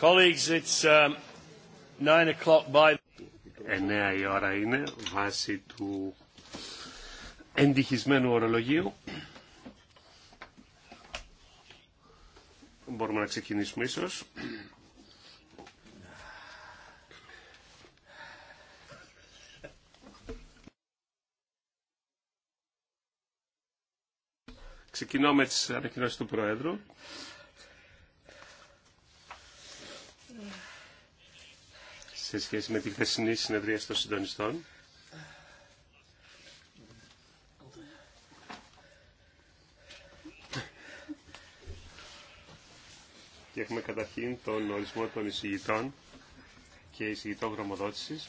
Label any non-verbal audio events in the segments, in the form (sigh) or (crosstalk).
Colleagues, it's um, nine o'clock by... η ώρα είναι, βάσει του εντυχισμένου ορολογίου. Μπορούμε να ξεκινήσουμε ίσως. Ξεκινώ με τις ανακοινώσεις του Προέδρου. σε σχέση με τη χθεσινή συνεδρία των συντονιστών. Και έχουμε καταρχήν τον ορισμό των εισηγητών και εισηγητών γραμμοδότησης.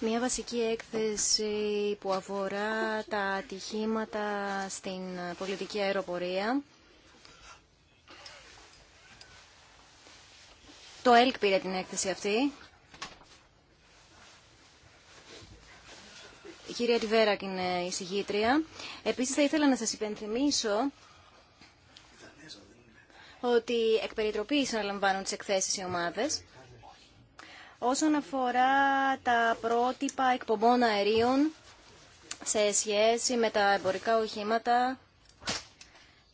Μια βασική έκθεση που αφορά τα ατυχήματα στην πολιτική αεροπορία. Το ΕΛΚ πήρε την έκθεση αυτή. Η κυρία Τιβέρακ είναι η συγγήτρια. Επίσης θα ήθελα να σας υπενθυμίσω ότι εκ περιτροπής αναλαμβάνουν τις εκθέσεις οι ομάδες. Όσον αφορά τα πρότυπα εκπομπών αερίων σε σχέση με τα εμπορικά οχήματα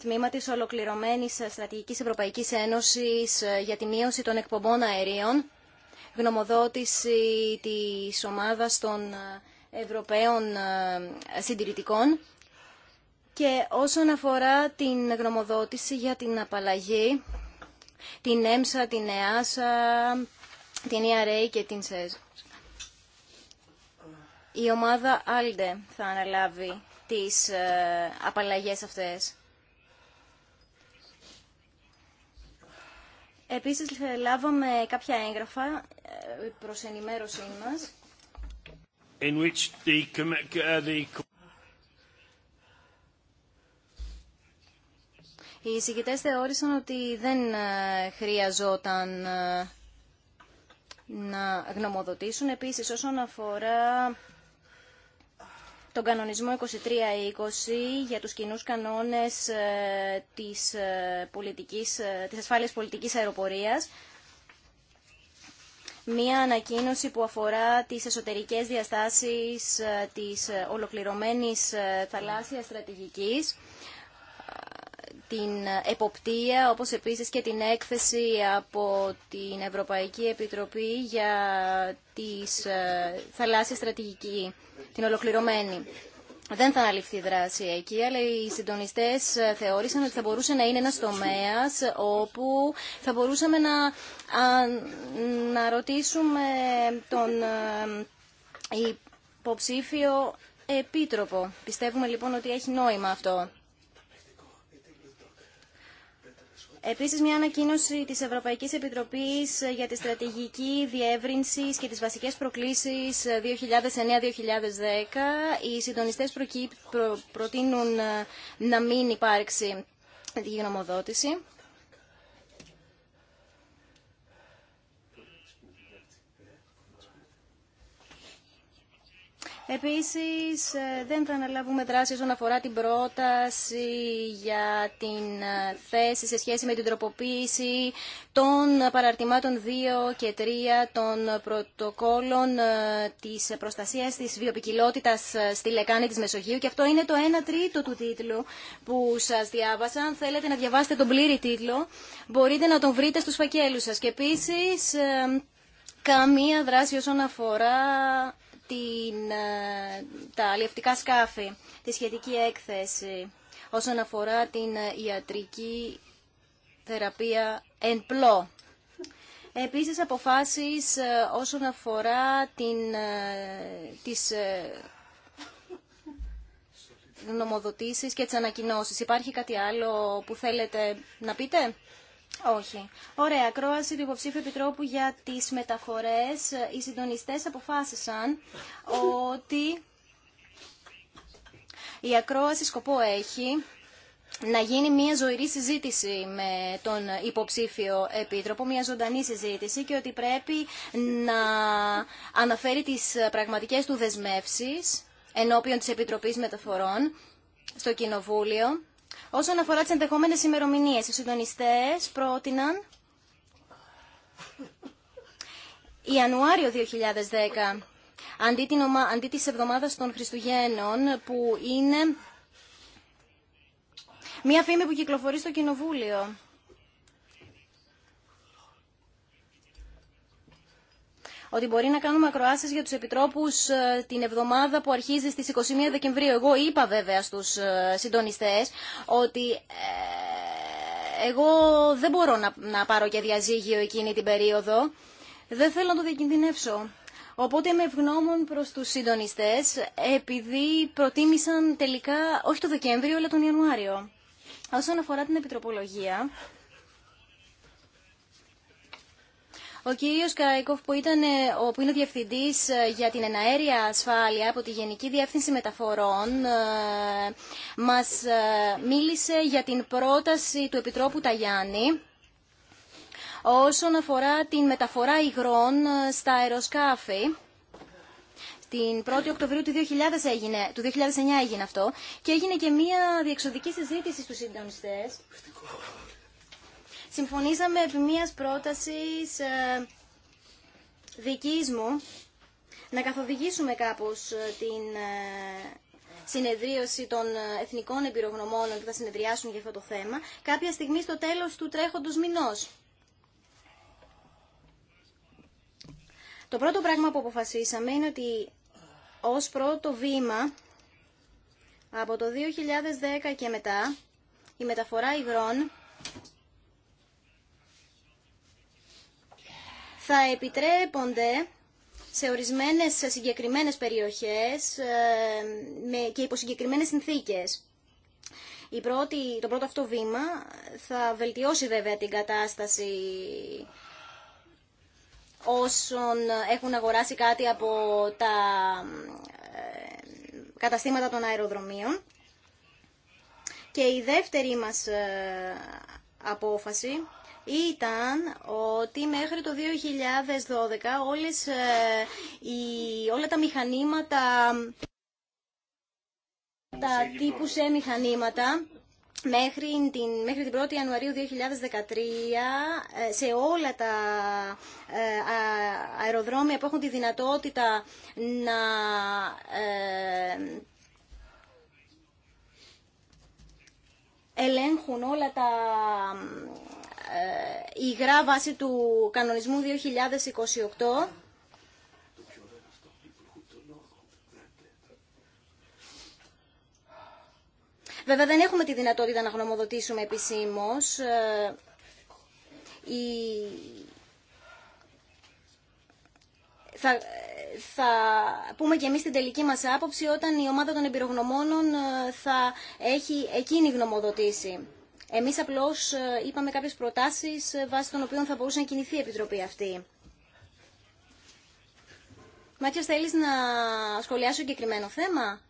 τμήμα της ολοκληρωμένης στρατηγικής Ευρωπαϊκής Ένωσης ε, για τη μείωση των εκπομπών αερίων, γνωμοδότηση της ομάδας των ε, Ευρωπαίων ε, Συντηρητικών και όσον αφορά την γνωμοδότηση για την απαλλαγή, την ΕΜΣΑ, την ΕΑΣΑ, την ERA και την ΣΕΖ. Η ομάδα ALDE θα αναλάβει τις απαλλαγές αυτές. Επίσης λάβαμε κάποια έγγραφα ε, προς ενημέρωσή μας. In which the, uh, the... Οι εισηγητές θεώρησαν ότι δεν ε, χρειαζόταν ε, να γνωμοδοτήσουν. Επίσης όσον αφορά τον κανονισμό 2320 για τους κοινούς κανόνες ε, της, ε, πολιτικής, ε, της ασφάλειας πολιτικής αεροπορίας. Μία ανακοίνωση που αφορά τις εσωτερικές διαστάσεις της ολοκληρωμένης θαλάσσιας στρατηγικής την εποπτεία, όπως επίσης και την έκθεση από την Ευρωπαϊκή Επιτροπή για τις ε, θαλάσσια στρατηγική, την ολοκληρωμένη. Δεν θα αναλυφθεί δράση εκεί, αλλά οι συντονιστέ ε, θεώρησαν ότι θα μπορούσε να είναι ένα τομέα όπου θα μπορούσαμε να, να ρωτήσουμε τον ε, υποψήφιο επίτροπο. Πιστεύουμε λοιπόν ότι έχει νόημα αυτό. Επίσης, μια ανακοίνωση της Ευρωπαϊκής Επιτροπής ε, για τη στρατηγική διεύρυνση και τις βασικές προκλήσεις 2009-2010. Ε, Οι συντονιστές προτείνουν ε, να μην υπάρξει τη γνωμοδότηση. Επίσης, ε, δεν θα αναλάβουμε δράση όσον αφορά την πρόταση για την ε, θέση σε σχέση με την τροποποίηση των παραρτημάτων 2 και 3 των πρωτοκόλων ε, της προστασίας της βιοπικιλότητας στη λεκάνη της Μεσογείου και αυτό είναι το 1 τρίτο του τίτλου που σας διάβασα. Αν θέλετε να διαβάσετε τον πλήρη τίτλο, μπορείτε να τον βρείτε στους φακέλους σας. Και επίσης, καμία δράση όσον αφορά την, ε, τα αλλιευτικά σκάφη, τη σχετική έκθεση όσον αφορά την ε, ιατρική θεραπεία εν πλώ. Επίσης αποφάσεις ε, όσον αφορά την, τις νομοδοτήσεις και τις ανακοινώσεις. Υπάρχει κάτι άλλο που θέλετε να πείτε? Όχι. Ωραία. Ακρόαση του υποψήφιου επιτρόπου για τις μεταφορές. Οι συντονιστέ αποφάσισαν ότι η ακρόαση σκοπό έχει να γίνει μια ζωηρή συζήτηση με τον υποψήφιο επίτροπο, μια ζωντανή συζήτηση και ότι πρέπει να αναφέρει τις πραγματικές του δεσμεύσεις ενώπιον της Επιτροπής Μεταφορών στο Κοινοβούλιο Όσον αφορά τι ενδεχόμενε ημερομηνίε, οι συντονιστές πρότειναν Ιανουάριο 2010, αντί, την ομα... αντί της εβδομάδας των Χριστουγέννων, που είναι μια φήμη που κυκλοφορεί στο Κοινοβούλιο. ότι μπορεί να κάνουμε ακροάσεις για τους επιτρόπους ε, την εβδομάδα που αρχίζει στις 21 Δεκεμβρίου. Εγώ είπα βέβαια στους ε, συντονιστές ότι ε, εγώ δεν μπορώ να, πάρω και διαζύγιο εκείνη την περίοδο. Δεν θέλω να το διακινδυνεύσω. Οπότε με ευγνώμων προς τους συντονιστές, επειδή προτίμησαν τελικά όχι το Δεκέμβριο, αλλά τον Ιανουάριο. Όσον αφορά την επιτροπολογία, Ο κύριος Καϊκόφ που, ήταν, ε, που είναι ο Διευθυντής ε, για την Εναέρια Ασφάλεια από τη Γενική Διεύθυνση Μεταφορών ε, μας μίλησε για την πρόταση του Επιτρόπου Ταγιάννη όσον αφορά την μεταφορά υγρών στα αεροσκάφη. Την 1η Οκτωβρίου του 2009, του 2009 έγινε αυτό και έγινε και μία διεξοδική συζήτηση στους συντονιστές συμφωνήσαμε επί μίας πρότασης ε, δικής μου να καθοδηγήσουμε κάπως ε, την ε, συνεδρίωση των εθνικών εμπειρογνωμόνων που θα συνεδριάσουν για αυτό το θέμα κάποια στιγμή στο τέλος του τρέχοντος μηνός. Το πρώτο πράγμα που αποφασίσαμε είναι ότι ως πρώτο βήμα από το 2010 και μετά η μεταφορά υγρών θα επιτρέπονται σε ορισμένες σε συγκεκριμένες περιοχές ε, και υπό συγκεκριμένες συνθήκες. Η πρώτη, το πρώτο αυτό βήμα θα βελτιώσει βέβαια την κατάσταση όσων έχουν αγοράσει κάτι από τα ε, καταστήματα των αεροδρομίων. Και η δεύτερη μας ε, απόφαση ήταν ότι μέχρι το 2012 όλες, ε, οι, όλα τα μηχανήματα, τα τύπου σε μηχανήματα, Μέχρι την, μέχρι την 1η Ιανουαρίου 2013 ε, σε όλα τα ε, αεροδρόμια που έχουν τη δυνατότητα να ελέγχουν όλα τα ε, υγρά βάση του κανονισμού 2028 Βέβαια δεν έχουμε τη δυνατότητα να γνωμοδοτήσουμε επισήμως. Ε, θα, πούμε και εμείς την τελική μας άποψη όταν η ομάδα των εμπειρογνωμόνων ε, θα έχει εκείνη γνωμοδοτήσει. Εμείς απλώς ε, είπαμε κάποιες προτάσεις ε, βάσει των οποίων θα μπορούσε να κινηθεί η Επιτροπή αυτή. Μάτια, θέλεις να σχολιάσω συγκεκριμένο θέμα?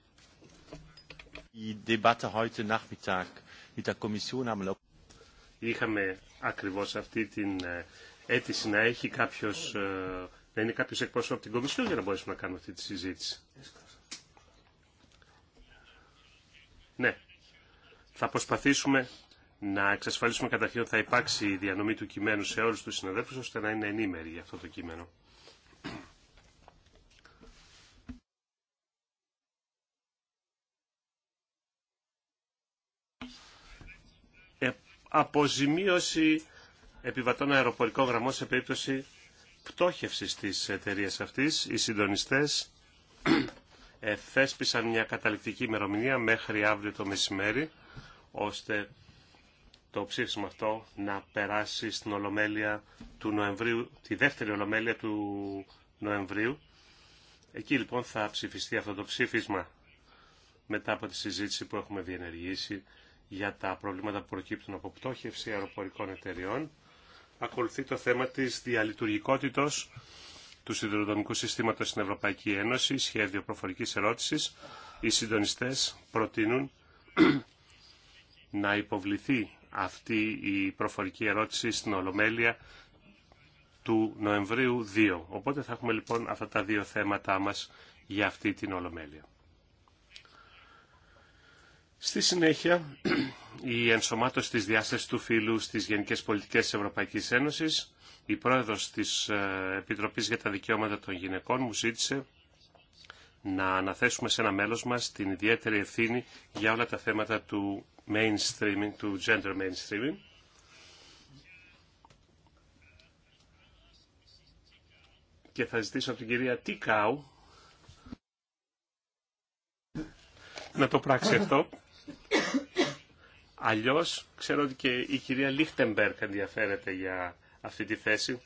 Είχαμε ακριβώς αυτή την ε, αίτηση να έχει κάποιος, να είναι κάποιος εκπρόσωπος από την Κομισιόν για να μπορέσουμε να κάνουμε αυτή τη συζήτηση. Ναι, θα προσπαθήσουμε να εξασφαλίσουμε καταρχήν ότι θα υπάρξει η διανομή του κειμένου σε όλους τους συναδέλφους, ώστε να είναι ενήμεροι για αυτό το κείμενο. Ε, αποζημίωση επιβατών αεροπορικών γραμμών σε περίπτωση πτώχευσης της εταιρεία αυτής. Οι συντονιστές (clears throat) ε, θέσπισαν μια καταληκτική ημερομηνία μέχρι αύριο το μεσημέρι, ώστε το ψήφισμα αυτό να περάσει στην Ολομέλεια του Νοεμβρίου, τη δεύτερη Ολομέλεια του Νοεμβρίου. Εκεί λοιπόν θα ψηφιστεί αυτό το ψήφισμα μετά από τη συζήτηση που έχουμε διενεργήσει για τα προβλήματα που προκύπτουν από πτώχευση αεροπορικών εταιριών. Ακολουθεί το θέμα της διαλειτουργικότητος του σιδηροδρομικού συστήματος στην Ευρωπαϊκή Ένωση, σχέδιο προφορικής ερώτησης. Οι συντονιστές προτείνουν (clears throat) να υποβληθεί αυτή η προφορική ερώτηση στην Ολομέλεια του Νοεμβρίου 2. Οπότε θα έχουμε λοιπόν αυτά τα δύο θέματα μας για αυτή την Ολομέλεια. Στη συνέχεια, η ενσωμάτωση της διάστασης του φύλου στις Γενικές Πολιτικές της Ευρωπαϊκής Ένωσης, η πρόεδρος της ε, Επιτροπής για τα Δικαιώματα των Γυναικών μου ζήτησε να αναθέσουμε σε ένα μέλος μας την ιδιαίτερη ευθύνη για όλα τα θέματα του mainstreaming, του gender mainstreaming. Και θα ζητήσω από την κυρία Τικάου να το πράξει αυτό. Αλλιώς ξέρω ότι και η κυρία Λίχτεμπερκ ενδιαφέρεται για αυτή τη θέση.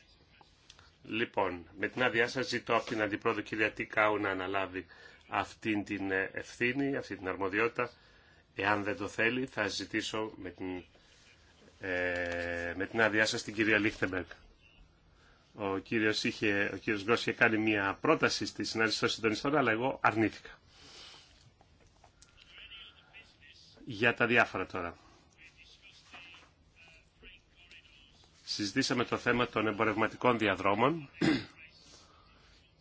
Λοιπόν, με την άδειά σα ζητώ από την Αντιπρόεδρο κυρία Τικάου να αναλάβει αυτή την ε, ευθύνη, αυτή την αρμοδιότητα. Εάν δεν το θέλει, θα ζητήσω με την, ε, με την άδειά σα την κυρία Λίχτεμπεργκ. Ο κύριος, είχε, είχε κάνει μια πρόταση στη συνάντηση των συντονιστών, αλλά εγώ αρνήθηκα. Για τα διάφορα τώρα. συζητήσαμε το θέμα των εμπορευματικών διαδρόμων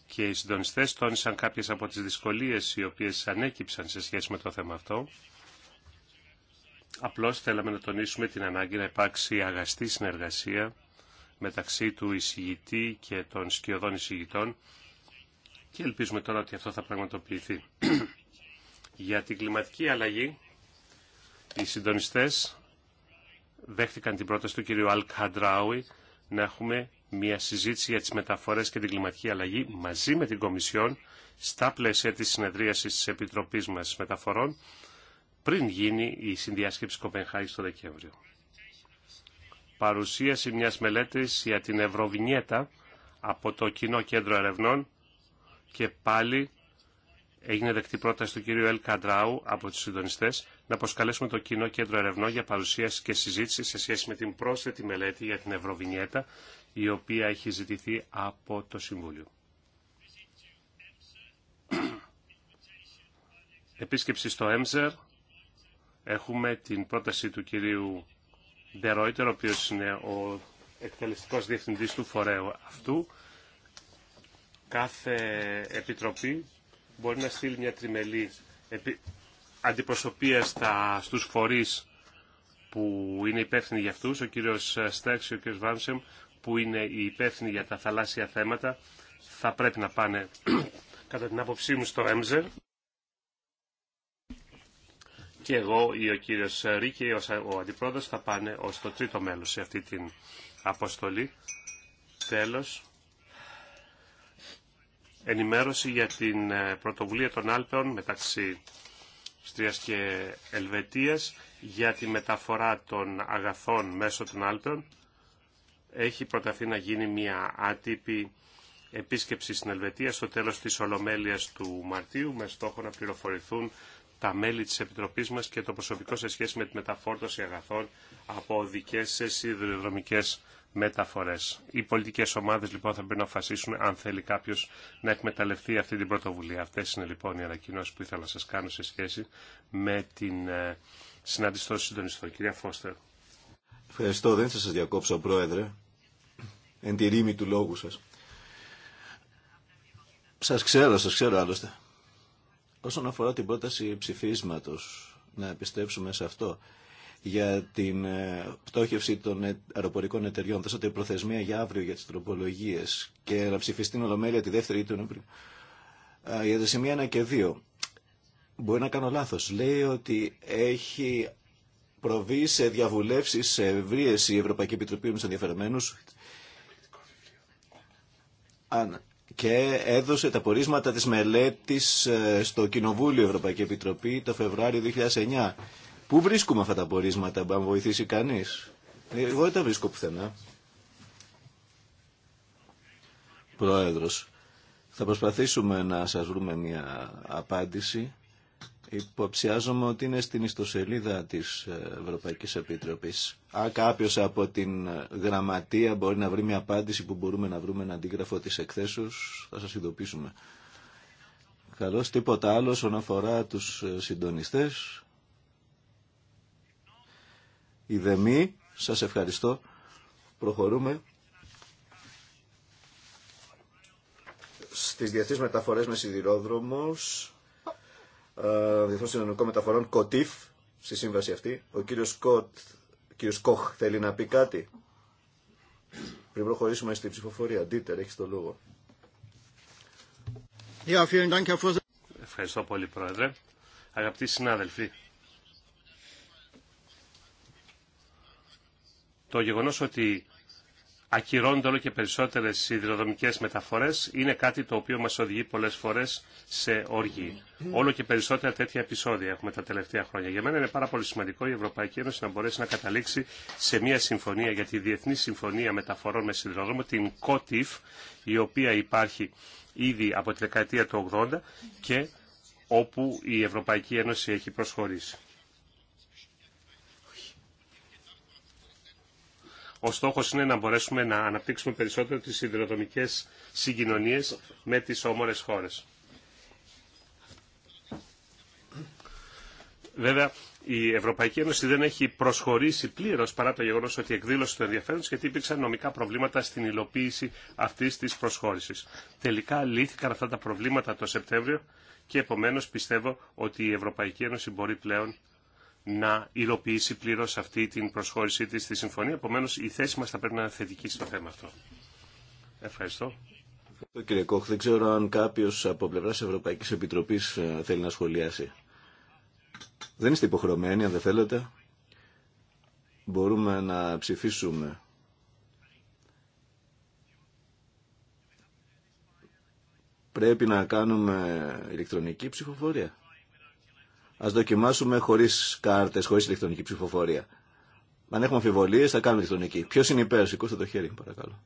και οι συντονιστές τόνισαν κάποιες από τις δυσκολίες οι οποίες ανέκυψαν σε σχέση με το θέμα αυτό. Απλώς θέλαμε να τονίσουμε την ανάγκη να υπάρξει αγαστή συνεργασία μεταξύ του εισηγητή και των σκιωδών εισηγητών και ελπίζουμε τώρα ότι αυτό θα πραγματοποιηθεί. (clears throat) Για την κλιματική αλλαγή, οι συντονιστές δέχτηκαν την πρόταση του κυρίου Αλ Καντράουι να έχουμε μια συζήτηση για τις μεταφορές και την κλιματική αλλαγή μαζί με την Κομισιόν στα πλαίσια της συνεδρίασης της Επιτροπής μας Μεταφορών πριν γίνει η συνδιάσκεψη Κοπενχάγης το Δεκέμβριο. Παρουσίαση μιας μελέτης για την Ευρωβινιέτα από το Κοινό Κέντρο Ερευνών και πάλι έγινε δεκτή πρόταση του κ. Ελ Καντράου από τους συντονιστές να προσκαλέσουμε το Κοινό Κέντρο Ερευνών για παρουσίαση και συζήτηση σε σχέση με την πρόσθετη μελέτη για την Ευρωβινιέτα, η οποία έχει ζητηθεί από το Συμβούλιο. Επίσκεψη στο ΕΜΖΕΡ. Έχουμε την πρόταση του κυρίου Ντερόιτερ, ο οποίος είναι ο εκτελεστικός διευθυντής του φορέου αυτού. Κάθε επιτροπή μπορεί να στείλει μια τριμελή αντιπροσωπεία στα, στους φορείς που είναι υπεύθυνοι για αυτούς, ο κύριος Στέξ και ο κύριος Βάνσεμ, που είναι οι υπεύθυνοι για τα θαλάσσια θέματα, θα πρέπει να πάνε, (clears throat) κατά την άποψή μου, στο ΕΜΖΕΡ. Και εγώ ή ο κύριος Ρίκη, ο αντιπρόεδρος, θα πάνε ως το τρίτο μέλος σε αυτή την αποστολή. Τέλος, ενημέρωση για την ε, πρωτοβουλία των Άλπαιων μεταξύ Αυστρίας και Ελβετίας για τη μεταφορά των αγαθών μέσω των Άλπων. Έχει προταθεί να γίνει μια άτυπη επίσκεψη στην Ελβετία στο τέλος της Ολομέλειας του Μαρτίου με στόχο να πληροφορηθούν τα μέλη της Επιτροπής μας και το προσωπικό σε σχέση με τη μεταφόρτωση αγαθών από οδικές σε σιδηροδρομικές μεταφορές. Οι πολιτικές ομάδες λοιπόν θα πρέπει να αποφασίσουν αν θέλει κάποιος να εκμεταλλευτεί αυτή την πρωτοβουλία. Αυτές είναι λοιπόν οι ανακοινώσει που ήθελα να σας κάνω σε σχέση με την ε, συνάντηση των συντονιστών. Κυρία Φώστερ. Ευχαριστώ. Δεν θα σας διακόψω, Πρόεδρε. Εν τη ρήμη του λόγου σας. Σας ξέρω, σας ξέρω άλλωστε. Όσον αφορά την πρόταση ψηφίσματος, να επιστρέψουμε σε αυτό για την ε, πτώχευση των ε, αεροπορικών εταιριών. Δώσατε προθεσμία για αύριο για τι τροπολογίε και να ψηφιστεί την Ολομέλεια τη δεύτερη ή του Νοεμβρίου. Για τα σημεία 1 και 2. Μπορεί να κάνω λάθο, Λέει ότι έχει προβεί σε διαβουλεύσει, σε ευρείε η Ευρωπαϊκή Επιτροπή με του και έδωσε τα πορίσματα της μελέτης ε, στο Κοινοβούλιο Ευρωπαϊκή Επιτροπή το Φεβράριο 2009 Πού βρίσκουμε αυτά τα πορίσματα, αν βοηθήσει κανείς. Εγώ δεν τα βρίσκω πουθενά. Πρόεδρος, θα προσπαθήσουμε να σας βρούμε μια απάντηση. Υποψιάζομαι ότι είναι στην ιστοσελίδα της Ευρωπαϊκής Επιτροπής. Αν κάποιος από την γραμματεία μπορεί να βρει μια απάντηση που μπορούμε να βρούμε ένα αντίγραφο της εκθέσεως, θα σας ειδοποιήσουμε. Καλώς τίποτα άλλο όσον αφορά τους συντονιστές ιδεμή. Σας ευχαριστώ. Προχωρούμε. Στις διαθέσεις μεταφορές με σιδηρόδρομους, ε, διεθνών συνολικών μεταφορών, κοτίφ, στη σύμβαση αυτή. Ο κύριος, Κοτ, κύριος Κοχ θέλει να πει κάτι. Πριν προχωρήσουμε στην ψηφοφορία. Ντίτερ, έχεις το λόγο. Ευχαριστώ πολύ, Πρόεδρε. Αγαπητοί συνάδελφοι, το γεγονός ότι ακυρώνονται όλο και περισσότερες σιδηροδρομικές μεταφορές είναι κάτι το οποίο μας οδηγεί πολλές φορές σε οργή. Όλο και περισσότερα τέτοια επεισόδια έχουμε τα τελευταία χρόνια. Για μένα είναι πάρα πολύ σημαντικό η Ευρωπαϊκή Ένωση να μπορέσει να καταλήξει σε μια συμφωνία για τη Διεθνή Συμφωνία Μεταφορών με Σιδηροδρόμο, την COTIF, η οποία υπάρχει ήδη από τη δεκαετία του 80 και όπου η Ευρωπαϊκή Ένωση έχει προσχωρήσει. Ο στόχος είναι να μπορέσουμε να αναπτύξουμε περισσότερο τι σιδηροδρομικές συγκοινωνίες με τις όμορε χώρες. Βέβαια, η Ευρωπαϊκή Ένωση δεν έχει προσχωρήσει πλήρω παρά το γεγονό ότι εκδήλωσε το ενδιαφέρον γιατί υπήρξαν νομικά προβλήματα στην υλοποίηση αυτή τη προσχώρηση. Τελικά λύθηκαν αυτά τα προβλήματα το Σεπτέμβριο και επομένω πιστεύω ότι η Ευρωπαϊκή Ένωση μπορεί πλέον να υλοποιήσει πλήρω αυτή την προσχώρησή τη στη συμφωνία. Επομένω, η θέση μα θα πρέπει να είναι θετική στο θέμα αυτό. Ευχαριστώ. Ευχαριστώ κύριε Κόχ. Δεν ξέρω αν κάποιο από πλευρά Ευρωπαϊκή Επιτροπή ε, θέλει να σχολιάσει. Δεν είστε υποχρεωμένοι, αν δεν θέλετε. Μπορούμε να ψηφίσουμε. Πρέπει να κάνουμε ηλεκτρονική ψηφοφορία. Ας δοκιμάσουμε χωρίς κάρτες, χωρίς ηλεκτρονική ψηφοφορία. Αν έχουμε αμφιβολίες θα κάνουμε ηλεκτρονική. Ποιο είναι υπέρ, σηκώστε το χέρι παρακαλώ.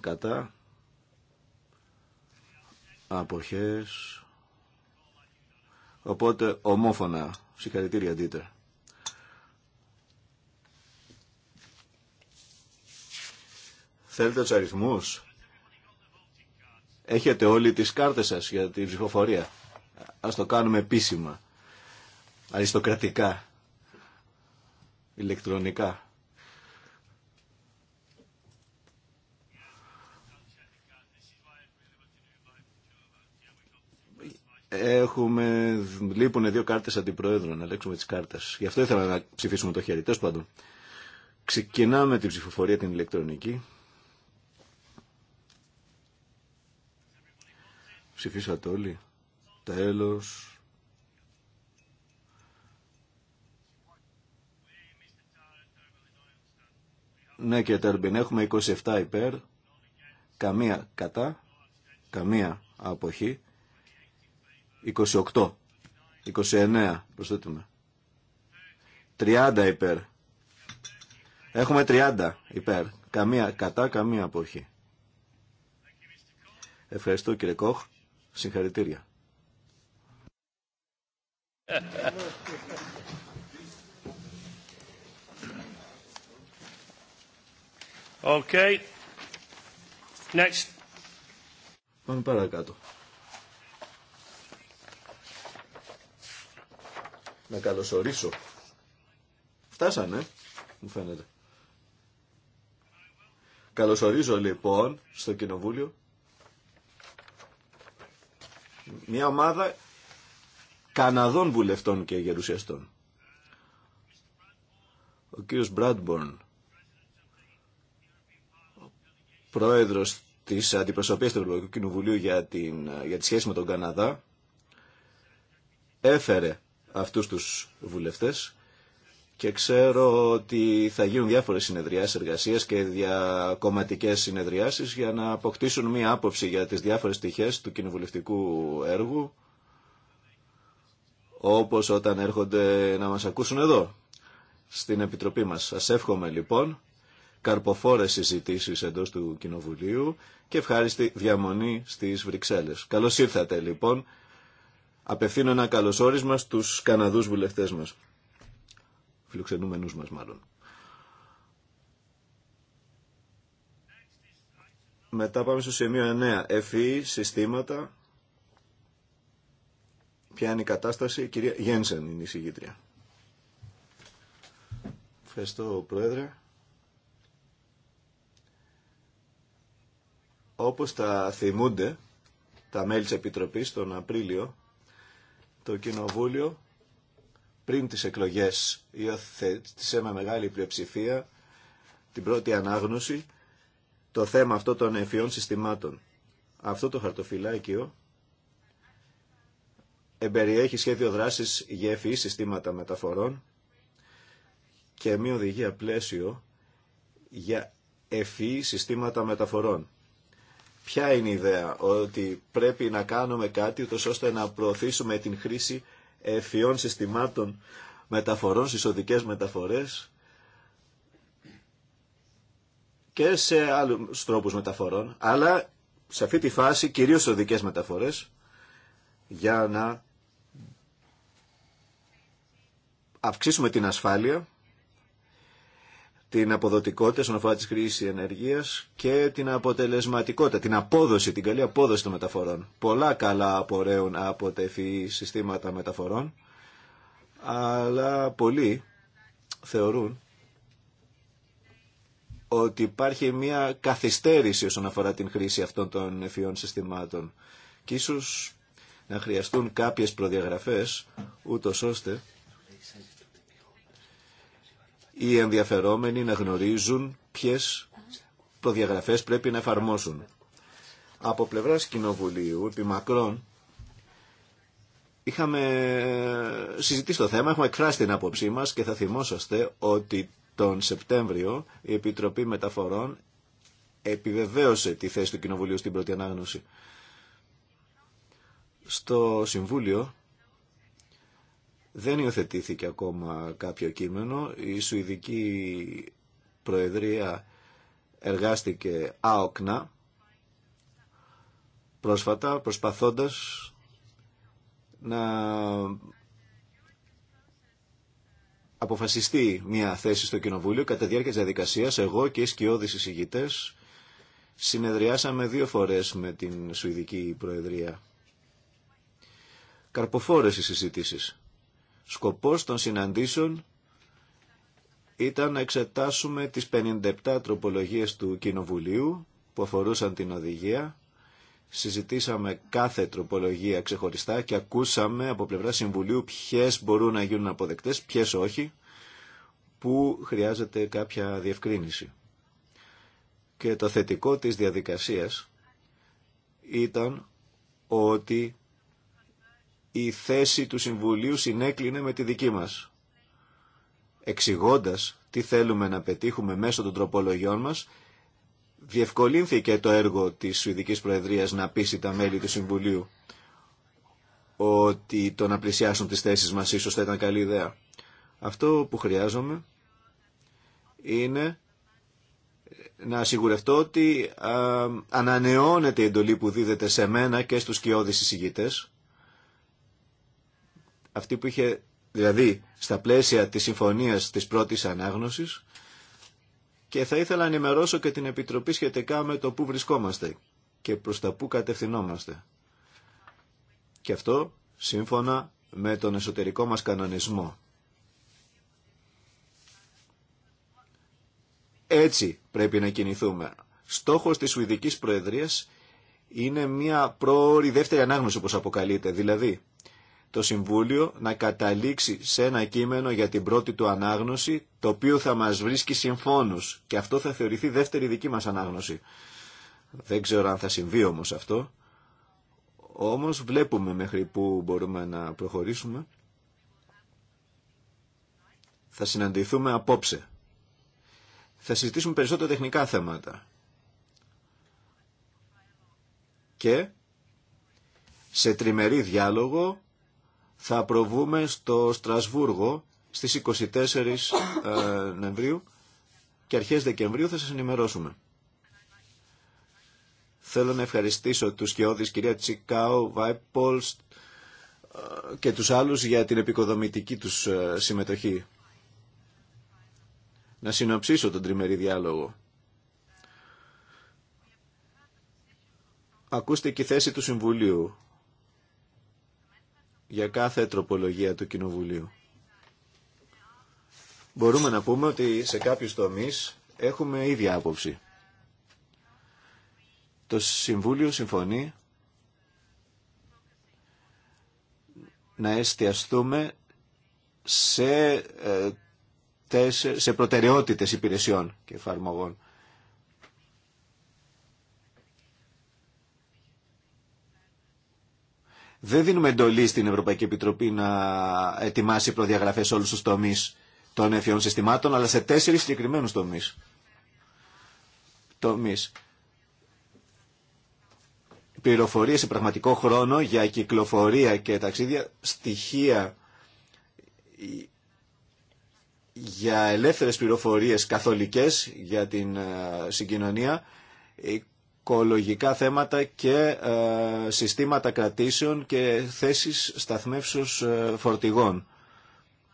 Κατά. Αποχές. Οπότε ομόφωνα. Συγχαρητήρια Ντίτερ. Θέλετε τους αριθμούς. Έχετε όλοι τις κάρτες σας για την ψηφοφορία ας το κάνουμε επίσημα, αριστοκρατικά, ηλεκτρονικά. Έχουμε, λείπουν δύο κάρτες αντιπροέδρων, να λέξουμε τις κάρτες. Γι' αυτό ήθελα να ψηφίσουμε το χέρι. Τέλος πάντων, ξεκινάμε την ψηφοφορία την ηλεκτρονική. Ψηφίσατε όλοι. Τέλος. Ναι και Τέρμπιν, έχουμε 27 υπέρ, καμία κατά, καμία αποχή, 28, 29, προσθέτουμε, 30 υπέρ, έχουμε 30 υπέρ, καμία κατά, καμία αποχή. Ευχαριστώ κύριε Κόχ, συγχαρητήρια. Okay. Next. Πάμε παρακάτω. Να καλωσορίσω. Φτάσανε, μου φαίνεται. Καλωσορίζω λοιπόν στο Κοινοβούλιο μια ομάδα Καναδών βουλευτών και γερουσιαστών. Ο κύριος Μπράντμπορν, πρόεδρος της Αντιπροσωπείας του Ευρωπαϊκού Κοινοβουλίου για, την, για τη σχέση με τον Καναδά, έφερε αυτούς τους βουλευτές και ξέρω ότι θα γίνουν διάφορες συνεδριάσεις εργασίας και διακομματικές συνεδριάσεις για να αποκτήσουν μία άποψη για τις διάφορες στοιχές του κοινοβουλευτικού έργου όπως όταν έρχονται να μας ακούσουν εδώ, στην Επιτροπή μας. Σας εύχομαι λοιπόν καρποφόρες συζητήσεις εντός του Κοινοβουλίου και ευχάριστη διαμονή στις Βρυξέλλες. Καλώς ήρθατε λοιπόν. Απευθύνω ένα καλωσόρισμα στους Καναδούς βουλευτές μας. Φιλοξενούμενους μας μάλλον. Μετά πάμε στο σημείο 9. ΕΦΗ e, συστήματα ποια είναι η κατάσταση. κυρία Γένσεν είναι η συγγήτρια. Ευχαριστώ, Πρόεδρε. Όπως τα θυμούνται τα μέλη της Επιτροπής τον Απρίλιο, το Κοινοβούλιο πριν τις εκλογές υιοθέτησε με μεγάλη πλειοψηφία την πρώτη ανάγνωση το θέμα αυτό των εφιών συστημάτων. Αυτό το χαρτοφυλάκιο εμπεριέχει σχέδιο δράσης για ευφυή e συστήματα μεταφορών και μία οδηγία πλαίσιο για ευφυή e συστήματα μεταφορών. Ποια είναι η ιδέα, ότι πρέπει να κάνουμε κάτι ώστε να προωθήσουμε την χρήση ευφυών e συστημάτων μεταφορών στις οδικές μεταφορές και σε άλλους τρόπους μεταφορών, αλλά σε αυτή τη φάση κυρίως στις οδικές μεταφορές για να αυξήσουμε την ασφάλεια, την αποδοτικότητα στον αφορά τη χρήση ενεργείας και την αποτελεσματικότητα, την απόδοση, την καλή απόδοση των μεταφορών. Πολλά καλά απορρέουν από τα συστήματα μεταφορών, αλλά πολλοί θεωρούν ότι υπάρχει μια καθυστέρηση όσον αφορά την χρήση αυτών των ευφυών συστημάτων. Και ίσως να χρειαστούν κάποιες προδιαγραφές, ούτω ώστε οι ενδιαφερόμενοι να γνωρίζουν ποιες προδιαγραφές πρέπει να εφαρμόσουν. Από πλευράς Κοινοβουλίου, επί Μακρόν, είχαμε συζητήσει το θέμα, έχουμε εκφράσει την άποψή μας και θα θυμόσαστε ότι τον Σεπτέμβριο η Επιτροπή Μεταφορών επιβεβαίωσε τη θέση του Κοινοβουλίου στην πρώτη ανάγνωση. Στο Συμβούλιο δεν υιοθετήθηκε ακόμα κάποιο κείμενο. Η Σουηδική Προεδρία εργάστηκε άοκνα πρόσφατα προσπαθώντας να αποφασιστεί μια θέση στο Κοινοβούλιο κατά τη διάρκεια της διαδικασίας εγώ και οι σκιώδεις εισηγητές συνεδριάσαμε δύο φορές με την Σουηδική Προεδρία καρποφόρες οι συζητήσεις. Σκοπός των συναντήσεων ήταν να εξετάσουμε τις 57 τροπολογίες του Κοινοβουλίου που αφορούσαν την οδηγία. Συζητήσαμε κάθε τροπολογία ξεχωριστά και ακούσαμε από πλευρά Συμβουλίου ποιες μπορούν να γίνουν αποδεκτές, ποιες όχι, που χρειάζεται κάποια διευκρίνηση. Και το θετικό της διαδικασίας ήταν ότι η θέση του Συμβουλίου συνέκλεινε με τη δική μας. Εξηγώντας τι θέλουμε να πετύχουμε μέσω των τροπολογιών μας, διευκολύνθηκε το έργο της Σουηδικής Προεδρίας να πείσει τα μέλη του Συμβουλίου ότι το να πλησιάσουν τις θέσεις μας ίσως θα ήταν καλή ιδέα. Αυτό που χρειάζομαι είναι να σιγουρευτώ ότι ανανεώνεται η εντολή που δίδεται σε μένα και στους κοιόδης εισηγητές αυτή που είχε, δηλαδή στα πλαίσια της συμφωνίας της πρώτης ανάγνωσης και θα ήθελα να ενημερώσω και την Επιτροπή σχετικά με το που βρισκόμαστε και προς τα που κατευθυνόμαστε. Και αυτό σύμφωνα με τον εσωτερικό μας κανονισμό. Έτσι πρέπει να κινηθούμε. Στόχος της Σουηδικής Προεδρίας είναι μια πρόορη δεύτερη ανάγνωση όπως αποκαλείται. Δηλαδή το Συμβούλιο να καταλήξει σε ένα κείμενο για την πρώτη του ανάγνωση, το οποίο θα μας βρίσκει συμφώνους και αυτό θα θεωρηθεί δεύτερη δική μας ανάγνωση. Δεν ξέρω αν θα συμβεί όμως αυτό. Όμως βλέπουμε μέχρι που μπορούμε να προχωρήσουμε. Θα συναντηθούμε απόψε. Θα συζητήσουμε περισσότερα τεχνικά θέματα. Και σε τριμερή διάλογο θα προβούμε στο Στρασβούργο στις 24 ε, Νοεμβρίου και αρχές Δεκεμβρίου θα σας ενημερώσουμε. Θέλω να ευχαριστήσω τους σκιώδεις κυρία Τσικάου, Βάιπολς ε, και τους άλλους για την επικοδομητική τους ε, συμμετοχή. Να συνοψίσω τον τριμερή διάλογο. Ακούστε και η θέση του Συμβουλίου για κάθε τροπολογία του Κοινοβουλίου. Μπορούμε να πούμε ότι σε κάποιους τομείς έχουμε ίδια άποψη. Το Συμβούλιο συμφωνεί να εστιαστούμε σε, ε, σε προτεραιότητες υπηρεσιών και εφαρμογών. δεν δίνουμε εντολή στην Ευρωπαϊκή Επιτροπή να ετοιμάσει προδιαγραφές σε όλους τους τομείς των έφιών συστημάτων, αλλά σε τέσσερις συγκεκριμένου. τομείς. τομείς. σε πραγματικό χρόνο για κυκλοφορία και ταξίδια, στοιχεία για ελεύθερες πληροφορίες καθολικές για την ε, συγκοινωνία, οικολογικά θέματα και ε, συστήματα κρατήσεων και θέσεις σταθμεύσεως ε, φορτηγών.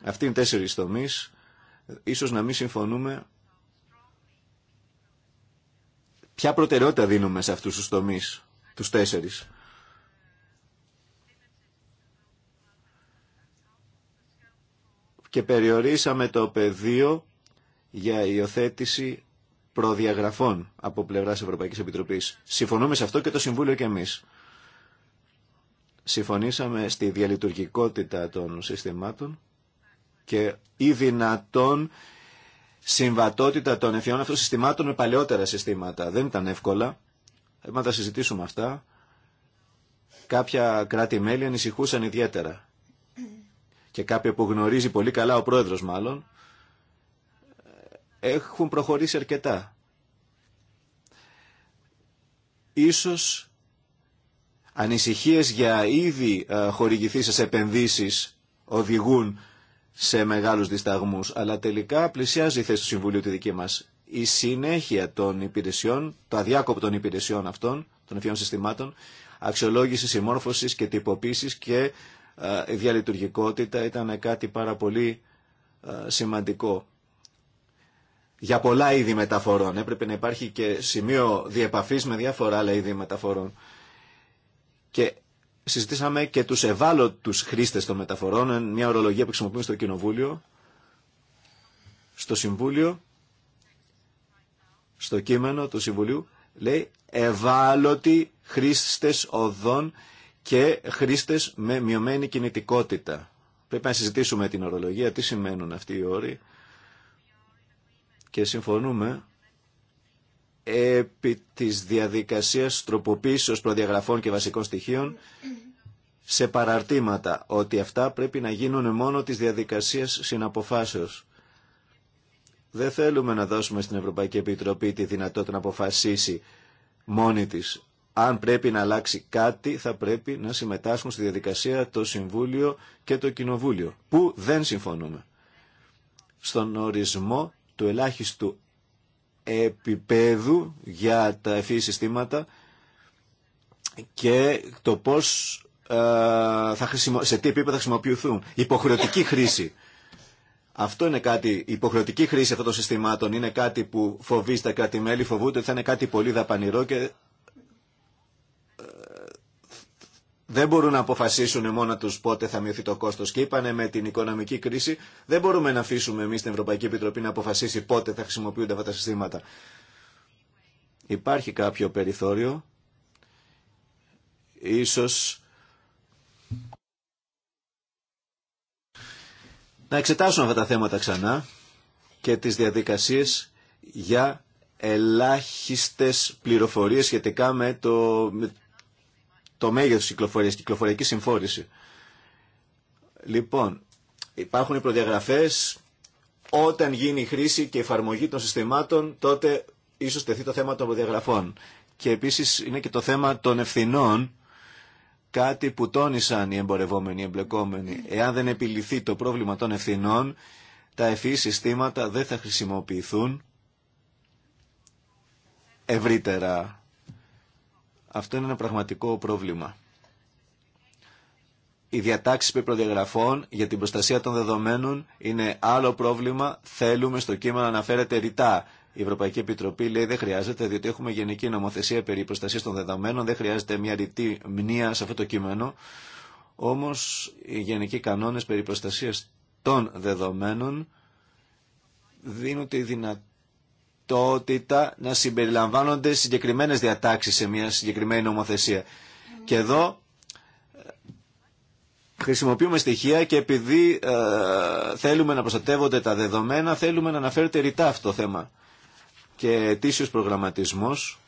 Αυτοί είναι τέσσερις τομείς. Ίσως να μην συμφωνούμε ποια προτεραιότητα δίνουμε σε αυτούς τους τομείς, τους τέσσερις. Και περιορίσαμε το πεδίο για υιοθέτηση προδιαγραφών από πλευρά Ευρωπαϊκή Επιτροπή. Συμφωνούμε σε αυτό και το Συμβούλιο και εμεί. Συμφωνήσαμε στη διαλειτουργικότητα των συστημάτων και ή δυνατόν συμβατότητα των εφιών αυτών συστημάτων με παλαιότερα συστήματα. Δεν ήταν εύκολα. Ε, μα τα συζητήσουμε αυτά. Κάποια κράτη-μέλη ανησυχούσαν ιδιαίτερα. Και κάποιοι που γνωρίζει πολύ καλά ο πρόεδρος μάλλον, έχουν προχωρήσει αρκετά. Ίσως ανησυχίες για ήδη ε, χορηγηθήσεις επενδύσεις οδηγούν σε μεγάλους δισταγμούς, αλλά τελικά πλησιάζει η θέση του Συμβουλίου τη δική μας. Η συνέχεια των υπηρεσιών, το αδιάκοπο των υπηρεσιών αυτών, των ευφυών συστημάτων, αξιολόγηση συμμόρφωση και τυποποίηση και ε, διαλειτουργικότητα ήταν κάτι πάρα πολύ ε, σημαντικό για πολλά είδη μεταφορών. Έπρεπε να υπάρχει και σημείο διεπαφή με διάφορα άλλα είδη μεταφορών. Και συζητήσαμε και τους ευάλωτους χρήστε των μεταφορών, μια ορολογία που χρησιμοποιούμε στο Κοινοβούλιο, στο Συμβούλιο, στο κείμενο του Συμβουλίου, λέει ευάλωτοι χρήστε οδών και χρήστε με μειωμένη κινητικότητα. Πρέπει να συζητήσουμε την ορολογία, τι σημαίνουν αυτοί οι όροι και συμφωνούμε επί της διαδικασίας τροποποίησης προδιαγραφών και βασικών στοιχείων σε παραρτήματα ότι αυτά πρέπει να γίνουν μόνο της διαδικασίας συναποφάσεως. Δεν θέλουμε να δώσουμε στην Ευρωπαϊκή Επιτροπή τη δυνατότητα να αποφασίσει μόνη της. Αν πρέπει να αλλάξει κάτι θα πρέπει να συμμετάσχουν στη διαδικασία το Συμβούλιο και το Κοινοβούλιο που δεν συμφωνούμε. Στον ορισμό του ελάχιστου επίπεδου για τα ευφύ συστήματα και το πώς ε, θα χρησιμο... σε τι επίπεδο θα χρησιμοποιηθούν. Υποχρεωτική χρήση. Αυτό είναι κάτι, η υποχρεωτική χρήση αυτών των συστημάτων είναι κάτι που φοβίζει τα κράτη-μέλη, φοβούνται ότι θα είναι κάτι πολύ δαπανηρό και δεν μπορούν να αποφασίσουν μόνο τους πότε θα μειωθεί το κόστος και είπανε με την οικονομική κρίση δεν μπορούμε να αφήσουμε εμείς την Ευρωπαϊκή Επιτροπή να αποφασίσει πότε θα χρησιμοποιούνται αυτά τα συστήματα. Υπάρχει κάποιο περιθώριο, ίσως να εξετάσουμε αυτά τα θέματα ξανά και τις διαδικασίες για ελάχιστες πληροφορίες σχετικά με, το, με το μέγεθος της κυκλοφορίας, κυκλοφοριακή συμφόρηση. Λοιπόν, υπάρχουν οι προδιαγραφές, όταν γίνει η χρήση και η εφαρμογή των συστημάτων, τότε ίσως τεθεί το θέμα των προδιαγραφών. Και επίσης είναι και το θέμα των ευθυνών, κάτι που τόνισαν οι εμπορευόμενοι, οι εμπλεκόμενοι. Εάν δεν επιληθεί το πρόβλημα των ευθυνών, τα ευφυή συστήματα δεν θα χρησιμοποιηθούν ευρύτερα αυτό είναι ένα πραγματικό πρόβλημα. Οι διατάξει περί προδιαγραφών για την προστασία των δεδομένων είναι άλλο πρόβλημα. Θέλουμε στο κείμενο να αναφέρεται ρητά. Η Ευρωπαϊκή Επιτροπή λέει δεν χρειάζεται, διότι έχουμε γενική νομοθεσία περί προστασίας των δεδομένων, δεν χρειάζεται μια ρητή μνήα σε αυτό το κείμενο. Όμω οι γενικοί κανόνε περί προστασία των δεδομένων δίνουν τη δυνατότητα δυνατότητα να συμπεριλαμβάνονται συγκεκριμένες διατάξεις σε μια συγκεκριμένη νομοθεσία. Και εδώ ε, χρησιμοποιούμε στοιχεία και επειδή ε, θέλουμε να προστατεύονται τα δεδομένα, θέλουμε να αναφέρεται ρητά αυτό το θέμα. Και αιτήσιος προγραμματισμός,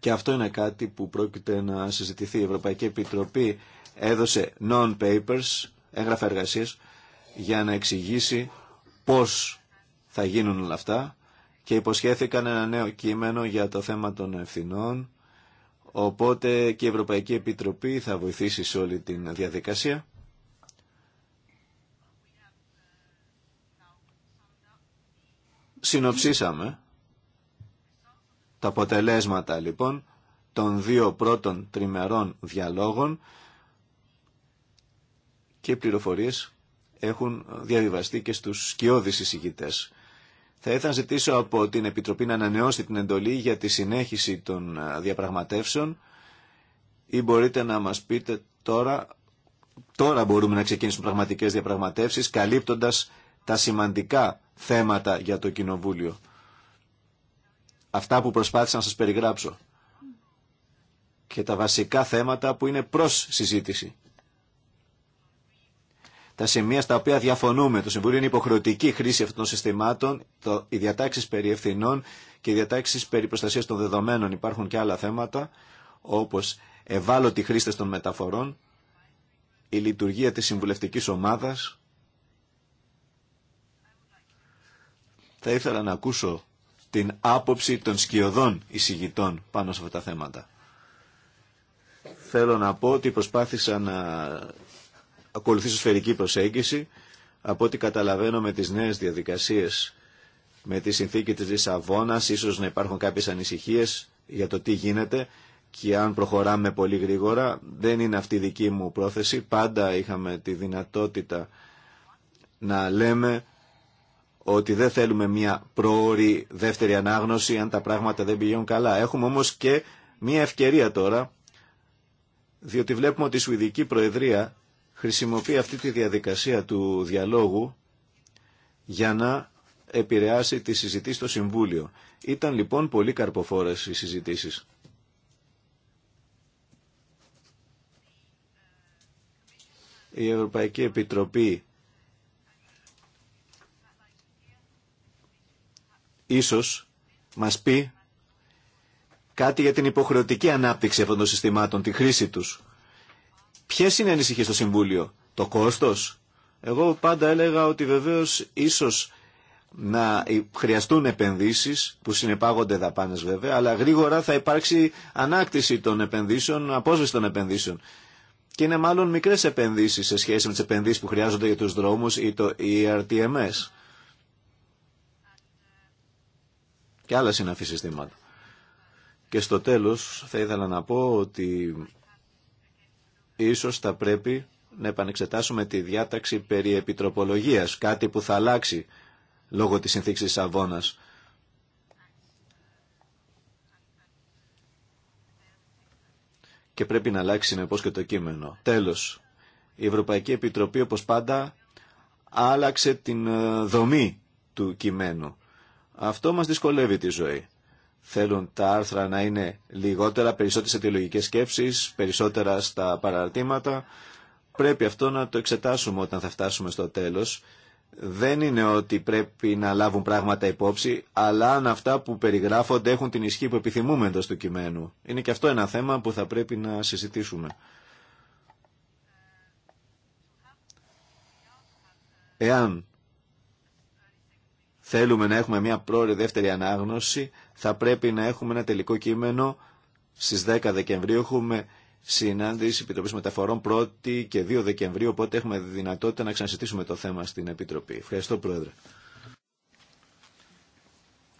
και αυτό είναι κάτι που πρόκειται να συζητηθεί. Η Ευρωπαϊκή Επιτροπή έδωσε non-papers, έγγραφα εργασίες, για να εξηγήσει πώς θα γίνουν όλα αυτά και υποσχέθηκαν ένα νέο κείμενο για το θέμα των ευθυνών. Οπότε και η Ευρωπαϊκή Επιτροπή θα βοηθήσει σε όλη την διαδικασία. Συνοψίσαμε τα αποτελέσματα λοιπόν των δύο πρώτων τριμερών διαλόγων και οι πληροφορίες έχουν διαβιβαστεί και στους σκιώδεις εισηγητές. Θα ήθελα να ζητήσω από την Επιτροπή να ανανεώσει την εντολή για τη συνέχιση των διαπραγματεύσεων ή μπορείτε να μας πείτε τώρα, τώρα μπορούμε να ξεκινήσουμε πραγματικές διαπραγματεύσεις καλύπτοντας τα σημαντικά θέματα για το Κοινοβούλιο. Αυτά που προσπάθησα να σας περιγράψω και τα βασικά θέματα που είναι προς συζήτηση τα σημεία στα οποία διαφωνούμε. Το Συμβούλιο είναι υποχρεωτική χρήση αυτών των συστημάτων, το, οι διατάξει περί ευθυνών και οι διατάξει περί προστασία των δεδομένων. Υπάρχουν και άλλα θέματα, όπω ευάλωτοι χρήστε των μεταφορών, η λειτουργία τη συμβουλευτική ομάδα. Θα ήθελα να ακούσω την άποψη των σκιωδών εισηγητών πάνω σε αυτά τα θέματα. Θέλω να πω ότι προσπάθησα να ακολουθήσω σφαιρική προσέγγιση. Από ό,τι καταλαβαίνω με τις νέες διαδικασίες, με τη συνθήκη της Λισαβόνα, ίσως να υπάρχουν κάποιες ανησυχίες για το τι γίνεται και αν προχωράμε πολύ γρήγορα. Δεν είναι αυτή η δική μου πρόθεση. Πάντα είχαμε τη δυνατότητα να λέμε ότι δεν θέλουμε μια προώρη δεύτερη ανάγνωση αν τα πράγματα δεν πηγαίνουν καλά. Έχουμε όμως και μια ευκαιρία τώρα, διότι βλέπουμε ότι η Σουηδική Προεδρία χρησιμοποιεί αυτή τη διαδικασία του διαλόγου για να επηρεάσει τη συζητήση στο Συμβούλιο. Ήταν λοιπόν πολύ καρποφόρες οι συζητήσεις. Η Ευρωπαϊκή Επιτροπή ίσως μας πει κάτι για την υποχρεωτική ανάπτυξη αυτών των συστημάτων, τη χρήση τους. Ποιες είναι οι στο Συμβούλιο, το κόστος. Εγώ πάντα έλεγα ότι βεβαίω ίσως να χρειαστούν επενδύσεις που συνεπάγονται δαπάνες βέβαια αλλά γρήγορα θα υπάρξει ανάκτηση των επενδύσεων, απόσβεση των επενδύσεων και είναι μάλλον μικρές επενδύσεις σε σχέση με τις επενδύσεις που χρειάζονται για του δρόμου ή το ERTMS και άλλα συναφή συστήματα. Και στο τέλος θα ήθελα να πω ότι Ίσως θα πρέπει να επανεξετάσουμε τη διάταξη περί επιτροπολογίας, κάτι που θα αλλάξει λόγω της συνθήκης της Και πρέπει να αλλάξει συνεπώς και το κείμενο. Τέλος, η Ευρωπαϊκή Επιτροπή όπως πάντα άλλαξε την ε, δομή του κειμένου. Αυτό μας δυσκολεύει τη ζωή θέλουν τα άρθρα να είναι λιγότερα, περισσότερες αιτιολογικές σκέψεις, περισσότερα στα παραρτήματα. Πρέπει αυτό να το εξετάσουμε όταν θα φτάσουμε στο τέλος. Δεν είναι ότι πρέπει να λάβουν πράγματα υπόψη, αλλά αν αυτά που περιγράφονται έχουν την ισχύ που επιθυμούμε εντό του κειμένου. Είναι και αυτό ένα θέμα που θα πρέπει να συζητήσουμε. Εάν θέλουμε να έχουμε μια πρόορη δεύτερη ανάγνωση, θα πρέπει να έχουμε ένα τελικό κείμενο στις 10 Δεκεμβρίου. Έχουμε συνάντηση Επιτροπής Μεταφορών 1η και 2 Δεκεμβρίου, οπότε έχουμε δυνατότητα να ξανασυζητήσουμε το θέμα στην Επιτροπή. Ευχαριστώ, Πρόεδρε.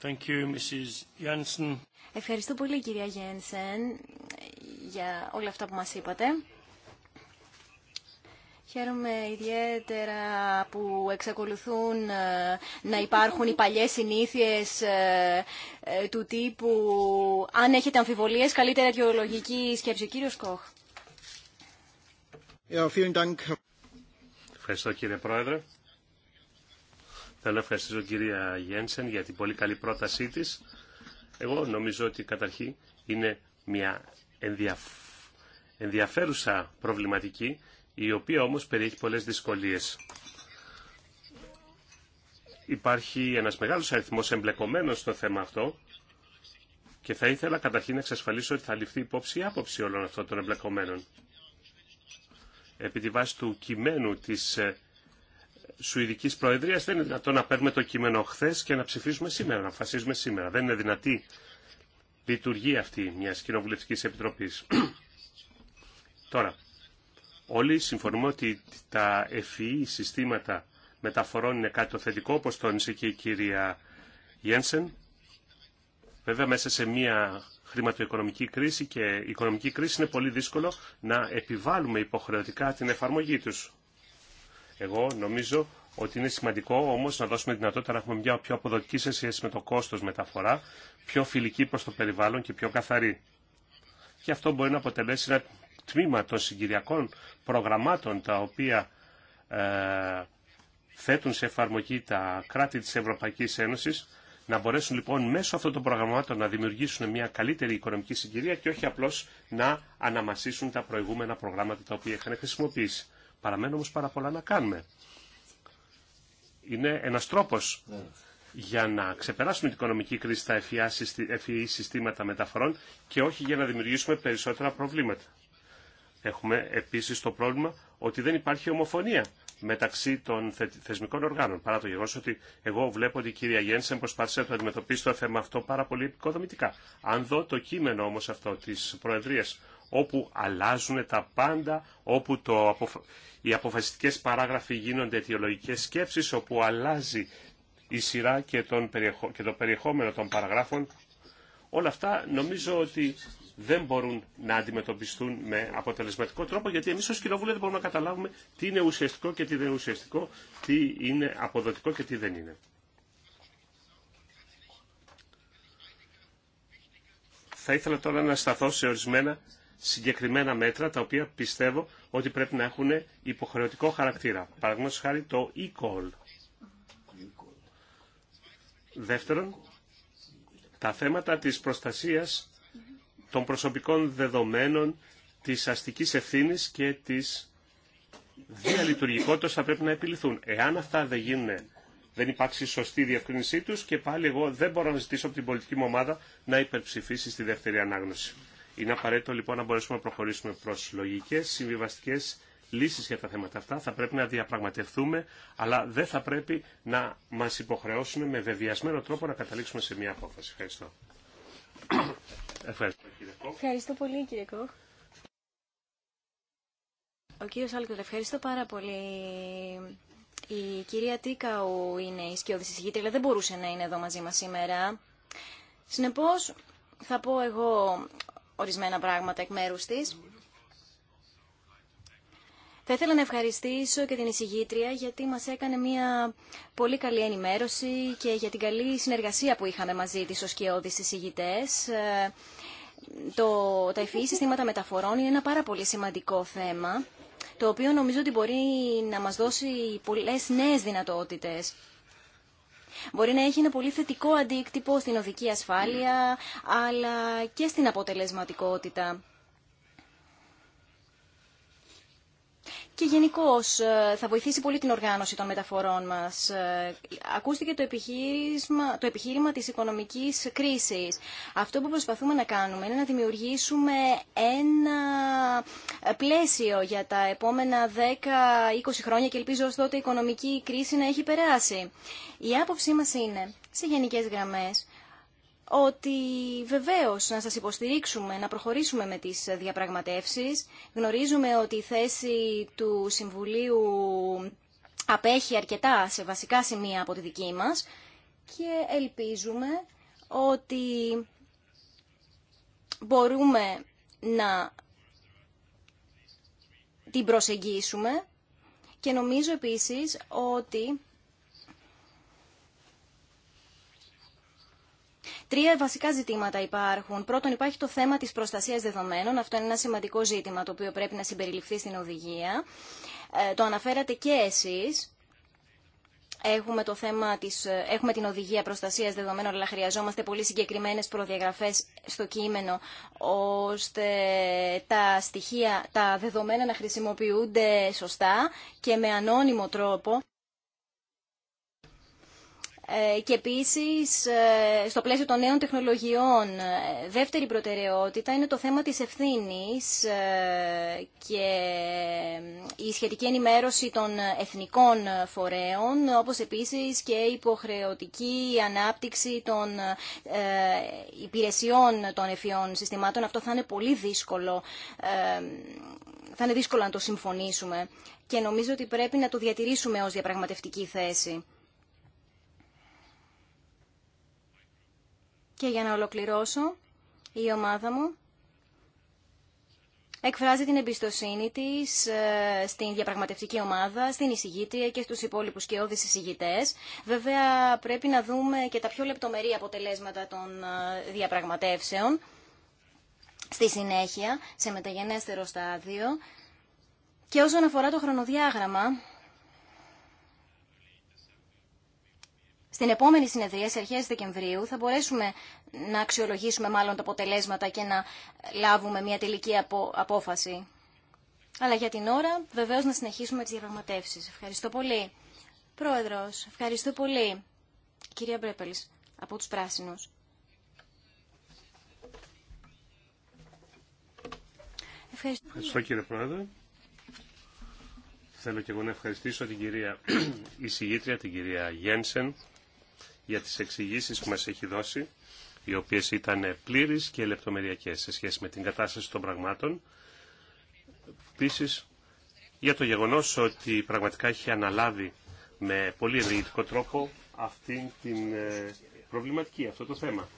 Thank you, Mrs. Ευχαριστώ πολύ, κυρία Γένσεν, για όλα αυτά που μας είπατε. Χαίρομαι ιδιαίτερα που εξακολουθούν ε, να υπάρχουν οι παλιές συνήθειες ε, ε, του τύπου «Αν έχετε αμφιβολίες, καλύτερα αιτιολογική σκέψη». Κύριο Κόχ. Ευχαριστώ κύριε Πρόεδρε. Θέλω να ευχαριστήσω κυρία Γένσεν για την πολύ καλή πρότασή της. Εγώ νομίζω ότι καταρχήν είναι μια ενδιαφέρουσα προβληματική η οποία όμως περιέχει πολλές δυσκολίες. Υπάρχει ένας μεγάλος αριθμός εμπλεκομένων στο θέμα αυτό και θα ήθελα καταρχήν να εξασφαλίσω ότι θα ληφθεί υπόψη η άποψη όλων αυτών των εμπλεκομένων. Επί τη βάση του κειμένου της ε, Σουηδικής Προεδρίας δεν είναι δυνατόν να παίρνουμε το κείμενο χθε και να ψηφίσουμε σήμερα, να αποφασίζουμε σήμερα. Δεν είναι δυνατή λειτουργία αυτή μιας κοινοβουλευτική επιτροπή. (clears throat) Τώρα, Όλοι συμφωνούμε ότι τα ευφυή e e συστήματα μεταφορών είναι κάτι το θετικό, όπως τόνισε και η κυρία Γένσεν. Βέβαια, μέσα σε μια χρηματοοικονομική κρίση και η οικονομική κρίση είναι πολύ δύσκολο να επιβάλλουμε υποχρεωτικά την εφαρμογή τους. Εγώ νομίζω ότι είναι σημαντικό όμως να δώσουμε δυνατότητα να έχουμε μια πιο αποδοτική σε σχέση με το κόστος μεταφορά, πιο φιλική προς το περιβάλλον και πιο καθαρή. Και αυτό μπορεί να αποτελέσει ένα τμήμα των συγκυριακών προγραμμάτων τα οποία ε, θέτουν σε εφαρμογή τα κράτη της Ευρωπαϊκής Ένωσης να μπορέσουν λοιπόν μέσω αυτών των προγραμμάτων να δημιουργήσουν μια καλύτερη οικονομική συγκυρία και όχι απλώς να αναμασίσουν τα προηγούμενα προγράμματα τα οποία είχαν χρησιμοποιήσει. Παραμένουν όμως πάρα πολλά να κάνουμε. Είναι ένας τρόπος για να ξεπεράσουμε την οικονομική κρίση στα ευφυή συστήματα μεταφορών και όχι για να δημιουργήσουμε περισσότερα προβλήματα. Έχουμε επίσης το πρόβλημα ότι δεν υπάρχει ομοφωνία μεταξύ των θεσμικών οργάνων. Παρά το γεγονό ότι εγώ βλέπω ότι η κυρία Γένσεν προσπάθησε να το αντιμετωπίσει το θέμα αυτό πάρα πολύ επικοδομητικά. Αν δω το κείμενο όμω αυτό τη Προεδρία, όπου αλλάζουν τα πάντα, όπου το, οι αποφασιστικέ παράγραφοι γίνονται αιτιολογικές σκέψει, όπου αλλάζει η σειρά και, τον, και το περιεχόμενο των παραγράφων, όλα αυτά νομίζω ότι δεν μπορούν να αντιμετωπιστούν με αποτελεσματικό τρόπο, γιατί εμεί ως κοινοβούλιο δεν μπορούμε να καταλάβουμε τι είναι ουσιαστικό και τι δεν είναι ουσιαστικό, τι είναι αποδοτικό και τι δεν είναι. Θα ήθελα τώρα να σταθώ σε ορισμένα συγκεκριμένα μέτρα, τα οποία πιστεύω ότι πρέπει να έχουν υποχρεωτικό χαρακτήρα. Παραδείγματο χάρη το e-call. Δεύτερον, τα θέματα της προστασίας των προσωπικών δεδομένων της αστικής ευθύνης και της διαλειτουργικότητας θα πρέπει να επιληθούν. Εάν αυτά δεν γίνουν, δεν υπάρξει σωστή διευκρίνησή τους και πάλι εγώ δεν μπορώ να ζητήσω από την πολιτική μου ομάδα να υπερψηφίσει στη δεύτερη ανάγνωση. Είναι απαραίτητο λοιπόν να μπορέσουμε να προχωρήσουμε προς λογικές, συμβιβαστικέ λύσεις για τα θέματα αυτά. Θα πρέπει να διαπραγματευτούμε, αλλά δεν θα πρέπει να μας υποχρεώσουν με βεβαιασμένο τρόπο να καταλήξουμε σε μια απόφαση. Ευχαριστώ. Ευχαριστώ Ευχαριστώ πολύ κύριε Κόχ. Ο κύριος Άλκος, ευχαριστώ πάρα πολύ. Η κυρία Τίκαου είναι η σκιώδη συζητήτρια, αλλά δεν μπορούσε να είναι εδώ μαζί μας σήμερα. Συνεπώς, θα πω εγώ ορισμένα πράγματα εκ μέρους της. Θα ήθελα να ευχαριστήσω και την εισηγήτρια γιατί μας έκανε μια πολύ καλή ενημέρωση και για την καλή συνεργασία που είχαμε μαζί της ως κοιόδης εισηγητές. Ε, το, τα ευφυή e συστήματα μεταφορών είναι ένα πάρα πολύ σημαντικό θέμα το οποίο νομίζω ότι μπορεί να μας δώσει πολλές νέες δυνατότητες. Μπορεί να έχει ένα πολύ θετικό αντίκτυπο στην οδική ασφάλεια, αλλά και στην αποτελεσματικότητα. και γενικώ ε, θα βοηθήσει πολύ την οργάνωση των μεταφορών μας. Ε, ακούστηκε το επιχείρημα, το επιχείρημα της οικονομικής κρίσης. Αυτό που προσπαθούμε να κάνουμε είναι να δημιουργήσουμε ένα πλαίσιο για τα επόμενα 10-20 χρόνια και ελπίζω ω τότε η οικονομική κρίση να έχει περάσει. Η άποψή μας είναι, σε γενικές γραμμές, ότι βεβαίως να σας υποστηρίξουμε, να προχωρήσουμε με τις διαπραγματεύσεις. Γνωρίζουμε ότι η θέση του Συμβουλίου απέχει αρκετά σε βασικά σημεία από τη δική μας και ελπίζουμε ότι μπορούμε να την προσεγγίσουμε και νομίζω επίσης ότι Τρία βασικά ζητήματα υπάρχουν. Πρώτον, υπάρχει το θέμα τη προστασία δεδομένων. Αυτό είναι ένα σημαντικό ζήτημα το οποίο πρέπει να συμπεριληφθεί στην οδηγία. Ε, το αναφέρατε και εσείς. Έχουμε, το θέμα της, ε, έχουμε την οδηγία προστασίας δεδομένων, αλλά χρειαζόμαστε πολύ συγκεκριμένες προδιαγραφές στο κείμενο, ώστε τα στοιχεία, τα δεδομένα να χρησιμοποιούνται σωστά και με ανώνυμο τρόπο. Ε, και επίσης ε, στο πλαίσιο των νέων τεχνολογιών ε, δεύτερη προτεραιότητα είναι το θέμα της ευθύνης και η σχετική ενημέρωση των εθνικών φορέων όπως επίσης και η υποχρεωτική ανάπτυξη των υπηρεσιών των εφιών συστημάτων. Αυτό θα είναι πολύ δύσκολο, θα είναι δύσκολο να το συμφωνήσουμε και νομίζω ότι πρέπει να το διατηρήσουμε ως διαπραγματευτική θέση. Και για να ολοκληρώσω, η ομάδα μου εκφράζει την εμπιστοσύνη της ε, στην διαπραγματευτική ομάδα, στην εισηγήτρια και στους υπόλοιπους και όδης εισηγητές. Βέβαια πρέπει να δούμε και τα πιο λεπτομερή αποτελέσματα των ε, διαπραγματεύσεων. Στη συνέχεια, σε μεταγενέστερο στάδιο, και όσον αφορά το χρονοδιάγραμμα, Στην επόμενη συνεδρία, σε αρχές Δεκεμβρίου, θα μπορέσουμε να αξιολογήσουμε μάλλον τα αποτελέσματα και να λάβουμε μια τελική απόφαση. Αλλά για την ώρα, βεβαίως, να συνεχίσουμε τις διαπραγματεύσεις. Ευχαριστώ πολύ. Πρόεδρος, ευχαριστώ πολύ. Κυρία Μπρέπελς, από τους Πράσινους. Ευχαριστώ, Ευχαριστώ κύριε Πρόεδρε. Θέλω και εγώ να ευχαριστήσω την κυρία (clears throat) εισηγήτρια, την κυρία Γένσεν, για τις εξηγήσει που μας έχει δώσει, οι οποίες ήταν πλήρεις και λεπτομεριακές σε σχέση με την κατάσταση των πραγμάτων. Επίση, για το γεγονός ότι πραγματικά έχει αναλάβει με πολύ ενεργητικό τρόπο αυτή την ε, προβληματική, αυτό το θέμα.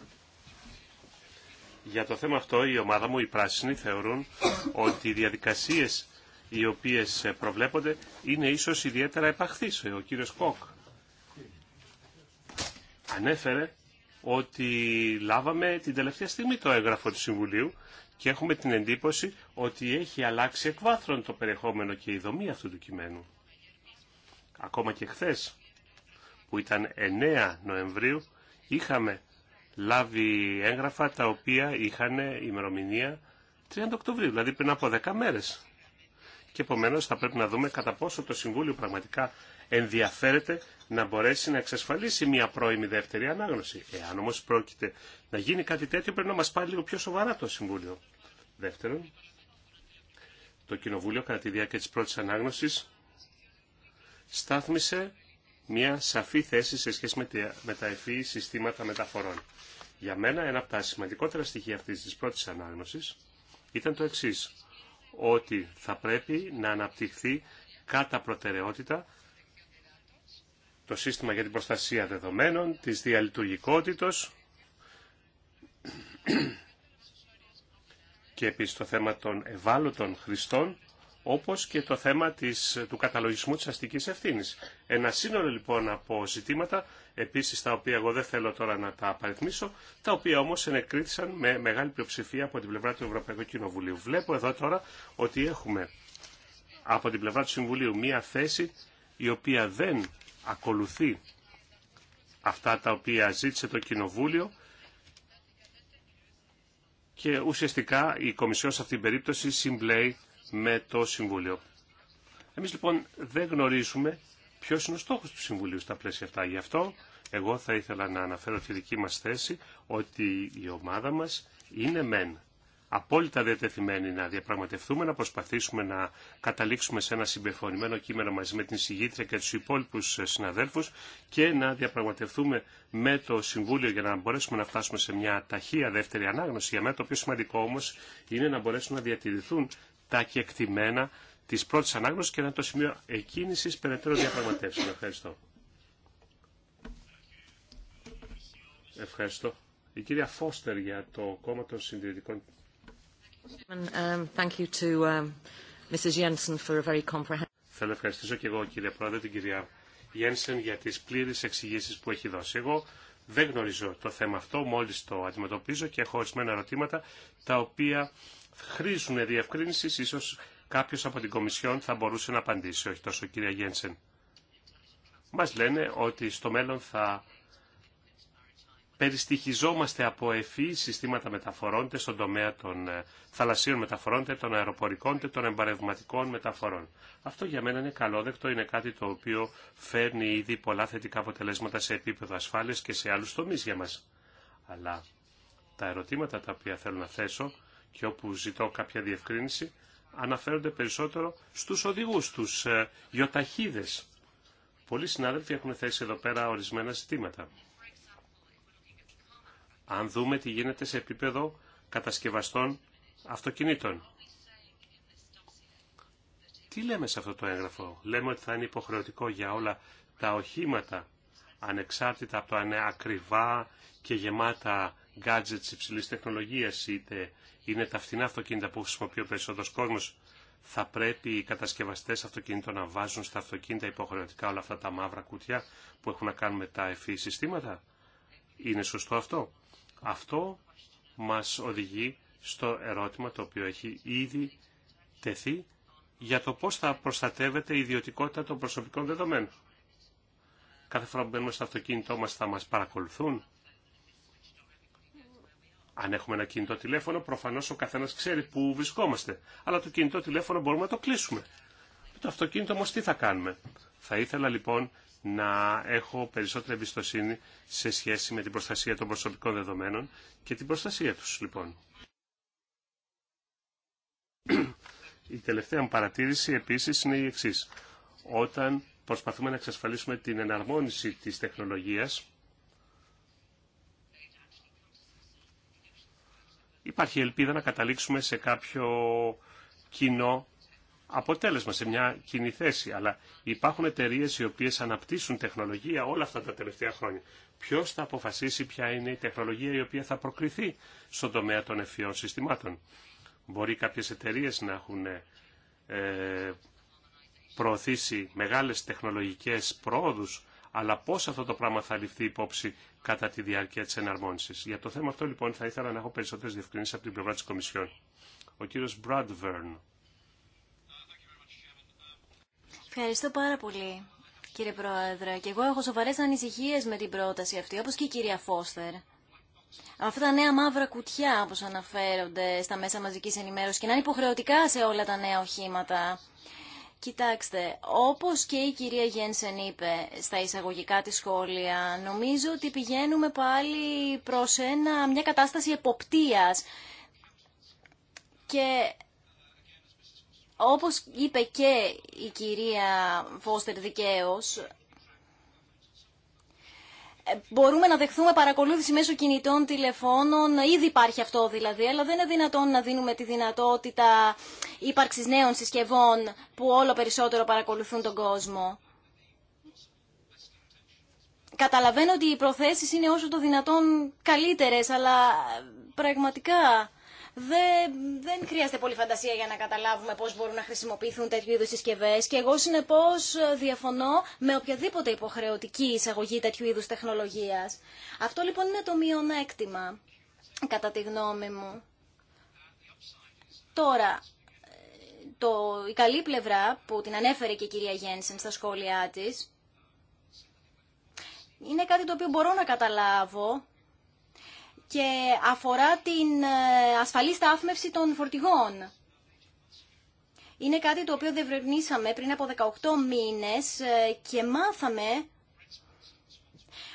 Για το θέμα αυτό η ομάδα μου, οι πράσινοι, θεωρούν ότι οι διαδικασίες οι οποίες ε, προβλέπονται είναι ίσως ιδιαίτερα επαχθείς. Ο κύριος Κόκ ανέφερε ότι λάβαμε την τελευταία στιγμή το έγγραφο του Συμβουλίου και έχουμε την εντύπωση ότι έχει αλλάξει εκ το περιεχόμενο και η δομή αυτού του κειμένου. Ακόμα και χθε, που ήταν 9 Νοεμβρίου, είχαμε λάβει έγγραφα τα οποία είχαν ημερομηνία 30 Οκτωβρίου, δηλαδή πριν από 10 μέρες και επομένως θα πρέπει να δούμε κατά πόσο το Συμβούλιο πραγματικά ενδιαφέρεται να μπορέσει να εξασφαλίσει μια πρώιμη δεύτερη ανάγνωση. Εάν όμως πρόκειται να γίνει κάτι τέτοιο πρέπει να μας πάρει λίγο πιο σοβαρά το Συμβούλιο. Δεύτερον, το Κοινοβούλιο κατά τη διάρκεια της πρώτης ανάγνωσης στάθμισε μια σαφή θέση σε σχέση με τα ευφύ συστήματα μεταφορών. Για μένα ένα από τα σημαντικότερα στοιχεία αυτής της πρώτης ανάγνωσης ήταν το εξής ότι θα πρέπει να αναπτυχθεί κατά προτεραιότητα το σύστημα για την προστασία δεδομένων, της διαλειτουργικότητος και επίσης το θέμα των ευάλωτων χρηστών όπως και το θέμα της, του καταλογισμού της αστικής ευθύνης. Ένα σύνολο λοιπόν από ζητήματα, επίσης τα οποία εγώ δεν θέλω τώρα να τα απαριθμίσω, τα οποία όμως ενεκρίθησαν με μεγάλη πλειοψηφία από την πλευρά του Ευρωπαϊκού Κοινοβουλίου. Βλέπω εδώ τώρα ότι έχουμε από την πλευρά του Συμβουλίου μία θέση η οποία δεν ακολουθεί αυτά τα οποία ζήτησε το Κοινοβούλιο και ουσιαστικά η Κομισιόν σε αυτήν την περίπτωση συμπλέει με το Συμβούλιο. Εμείς λοιπόν δεν γνωρίζουμε ποιος είναι ο στόχος του Συμβουλίου στα πλαίσια αυτά. Γι' αυτό εγώ θα ήθελα να αναφέρω τη δική μας θέση ότι η ομάδα μας είναι μεν απόλυτα διατεθειμένοι να διαπραγματευτούμε, να προσπαθήσουμε να καταλήξουμε σε ένα συμπεφωνημένο κείμενο μαζί με την συγγήτρια και τους υπόλοιπους συναδέλφους και να διαπραγματευτούμε με το Συμβούλιο για να μπορέσουμε να φτάσουμε σε μια ταχεία δεύτερη ανάγνωση. Για μένα το πιο σημαντικό όμως είναι να μπορέσουν να διατηρηθούν τα κεκτημένα τη πρώτη ανάγνωση και να είναι το σημείο εκκίνηση περαιτέρω διαπραγματεύσεων. Ευχαριστώ. Ευχαριστώ. Η κυρία Φώστερ για το κόμμα των συντηρητικών. Θέλω να ευχαριστήσω και εγώ κύριε Πρόεδρε την κυρία Γένσεν για τις πλήρε εξηγήσει που έχει δώσει. Εγώ δεν γνωρίζω το θέμα αυτό, μόλις το αντιμετωπίζω και έχω ορισμένα ερωτήματα τα οποία χρήζουν διευκρίνησης, ίσως κάποιος από την Κομισιόν θα μπορούσε να απαντήσει, όχι τόσο κυρία Γένσεν. Μας λένε ότι στο μέλλον θα περιστοιχιζόμαστε από ευφύ συστήματα μεταφορών, είτε στον τομέα των ε, θαλασσίων μεταφορών, είτε των αεροπορικών, είτε των εμπαρευματικών μεταφορών. Αυτό για μένα είναι καλόδεκτο, είναι κάτι το οποίο φέρνει ήδη πολλά θετικά αποτελέσματα σε επίπεδο ασφάλειας και σε άλλους τομείς για μας. Αλλά τα ερωτήματα τα οποία θέλω να θέσω και όπου ζητώ κάποια διευκρίνηση αναφέρονται περισσότερο στους οδηγούς, στους ε, γιοταχίδες. Πολλοί συνάδελφοι έχουν θέσει εδώ πέρα ορισμένα ζητήματα. Αν δούμε τι γίνεται σε επίπεδο κατασκευαστών αυτοκινήτων. Τι λέμε σε αυτό το έγγραφο. Λέμε ότι θα είναι υποχρεωτικό για όλα τα οχήματα, ανεξάρτητα από το αν είναι ακριβά και γεμάτα gadgets υψηλής τεχνολογίας, είτε είναι τα φθηνά αυτοκίνητα που χρησιμοποιεί ο περισσότερο κόσμο. Θα πρέπει οι κατασκευαστέ αυτοκινήτων να βάζουν στα αυτοκίνητα υποχρεωτικά όλα αυτά τα μαύρα κουτιά που έχουν να κάνουν με τα ευφύ συστήματα. Είναι σωστό αυτό. Αυτό μας οδηγεί στο ερώτημα το οποίο έχει ήδη τεθεί για το πώς θα προστατεύεται η ιδιωτικότητα των προσωπικών δεδομένων. Κάθε φορά που μπαίνουμε στο αυτοκίνητό μας θα μας παρακολουθούν. Αν έχουμε ένα κινητό τηλέφωνο, προφανώς ο καθένας ξέρει πού βρισκόμαστε. Αλλά το κινητό τηλέφωνο μπορούμε να το κλείσουμε. Με το αυτοκίνητο όμως, τι θα κάνουμε. Θα ήθελα λοιπόν να έχω περισσότερη εμπιστοσύνη σε σχέση με την προστασία των προσωπικών δεδομένων και την προστασία τους λοιπόν. Η τελευταία μου παρατήρηση επίσης είναι η εξής. Όταν προσπαθούμε να εξασφαλίσουμε την εναρμόνιση της τεχνολογίας, υπάρχει ελπίδα να καταλήξουμε σε κάποιο κοινό αποτέλεσμα, σε μια κοινή θέση. Αλλά υπάρχουν εταιρείε οι οποίε αναπτύσσουν τεχνολογία όλα αυτά τα τελευταία χρόνια. Ποιο θα αποφασίσει ποια είναι η τεχνολογία η οποία θα προκριθεί στον τομέα των ευφυών συστημάτων. Μπορεί κάποιε εταιρείε να έχουν ε, προωθήσει μεγάλες τεχνολογικές πρόοδους αλλά πώς αυτό το πράγμα θα ληφθεί υπόψη κατά τη διάρκεια της εναρμόνισης. Για το θέμα αυτό λοιπόν θα ήθελα να έχω περισσότερες διευκρινήσεις από την πλευρά της Κομισιόν. Ο κύριος Μπραντβέρν. Ευχαριστώ πάρα πολύ. Κύριε Πρόεδρε, και εγώ έχω σοβαρέ ανησυχίε με την πρόταση αυτή, όπω και η κυρία Φώστερ. Αυτά τα νέα μαύρα κουτιά, όπω αναφέρονται στα μέσα μαζική ενημέρωση, και να είναι υποχρεωτικά σε όλα τα νέα οχήματα. Κοιτάξτε, όπως και η κυρία Γένσεν είπε στα εισαγωγικά της σχόλια, νομίζω ότι πηγαίνουμε πάλι προς ένα, μια κατάσταση εποπτείας και όπως είπε και η κυρία Φώστερ δικαίως, μπορούμε να δεχθούμε παρακολούθηση μέσω κινητών τηλεφώνων. Ήδη υπάρχει αυτό δηλαδή, αλλά δεν είναι δυνατόν να δίνουμε τη δυνατότητα ύπαρξης νέων συσκευών που όλο περισσότερο παρακολουθούν τον κόσμο. Καταλαβαίνω ότι οι προθέσεις είναι όσο το δυνατόν καλύτερες, αλλά πραγματικά δεν, χρειάζεται πολύ φαντασία για να καταλάβουμε πώ μπορούν να χρησιμοποιηθούν τέτοιου είδου συσκευέ. και εγώ συνεπώς διαφωνώ με οποιαδήποτε υποχρεωτική εισαγωγή τέτοιου είδου τεχνολογία. Αυτό λοιπόν είναι το μειονέκτημα, κατά τη γνώμη μου. Τώρα, το, η καλή πλευρά που την ανέφερε και η κυρία Γένσεν στα σχόλιά τη είναι κάτι το οποίο μπορώ να καταλάβω και αφορά την ε, ασφαλή στάθμευση των φορτηγών. Είναι κάτι το οποίο δευρευνήσαμε πριν από 18 μήνες ε, και μάθαμε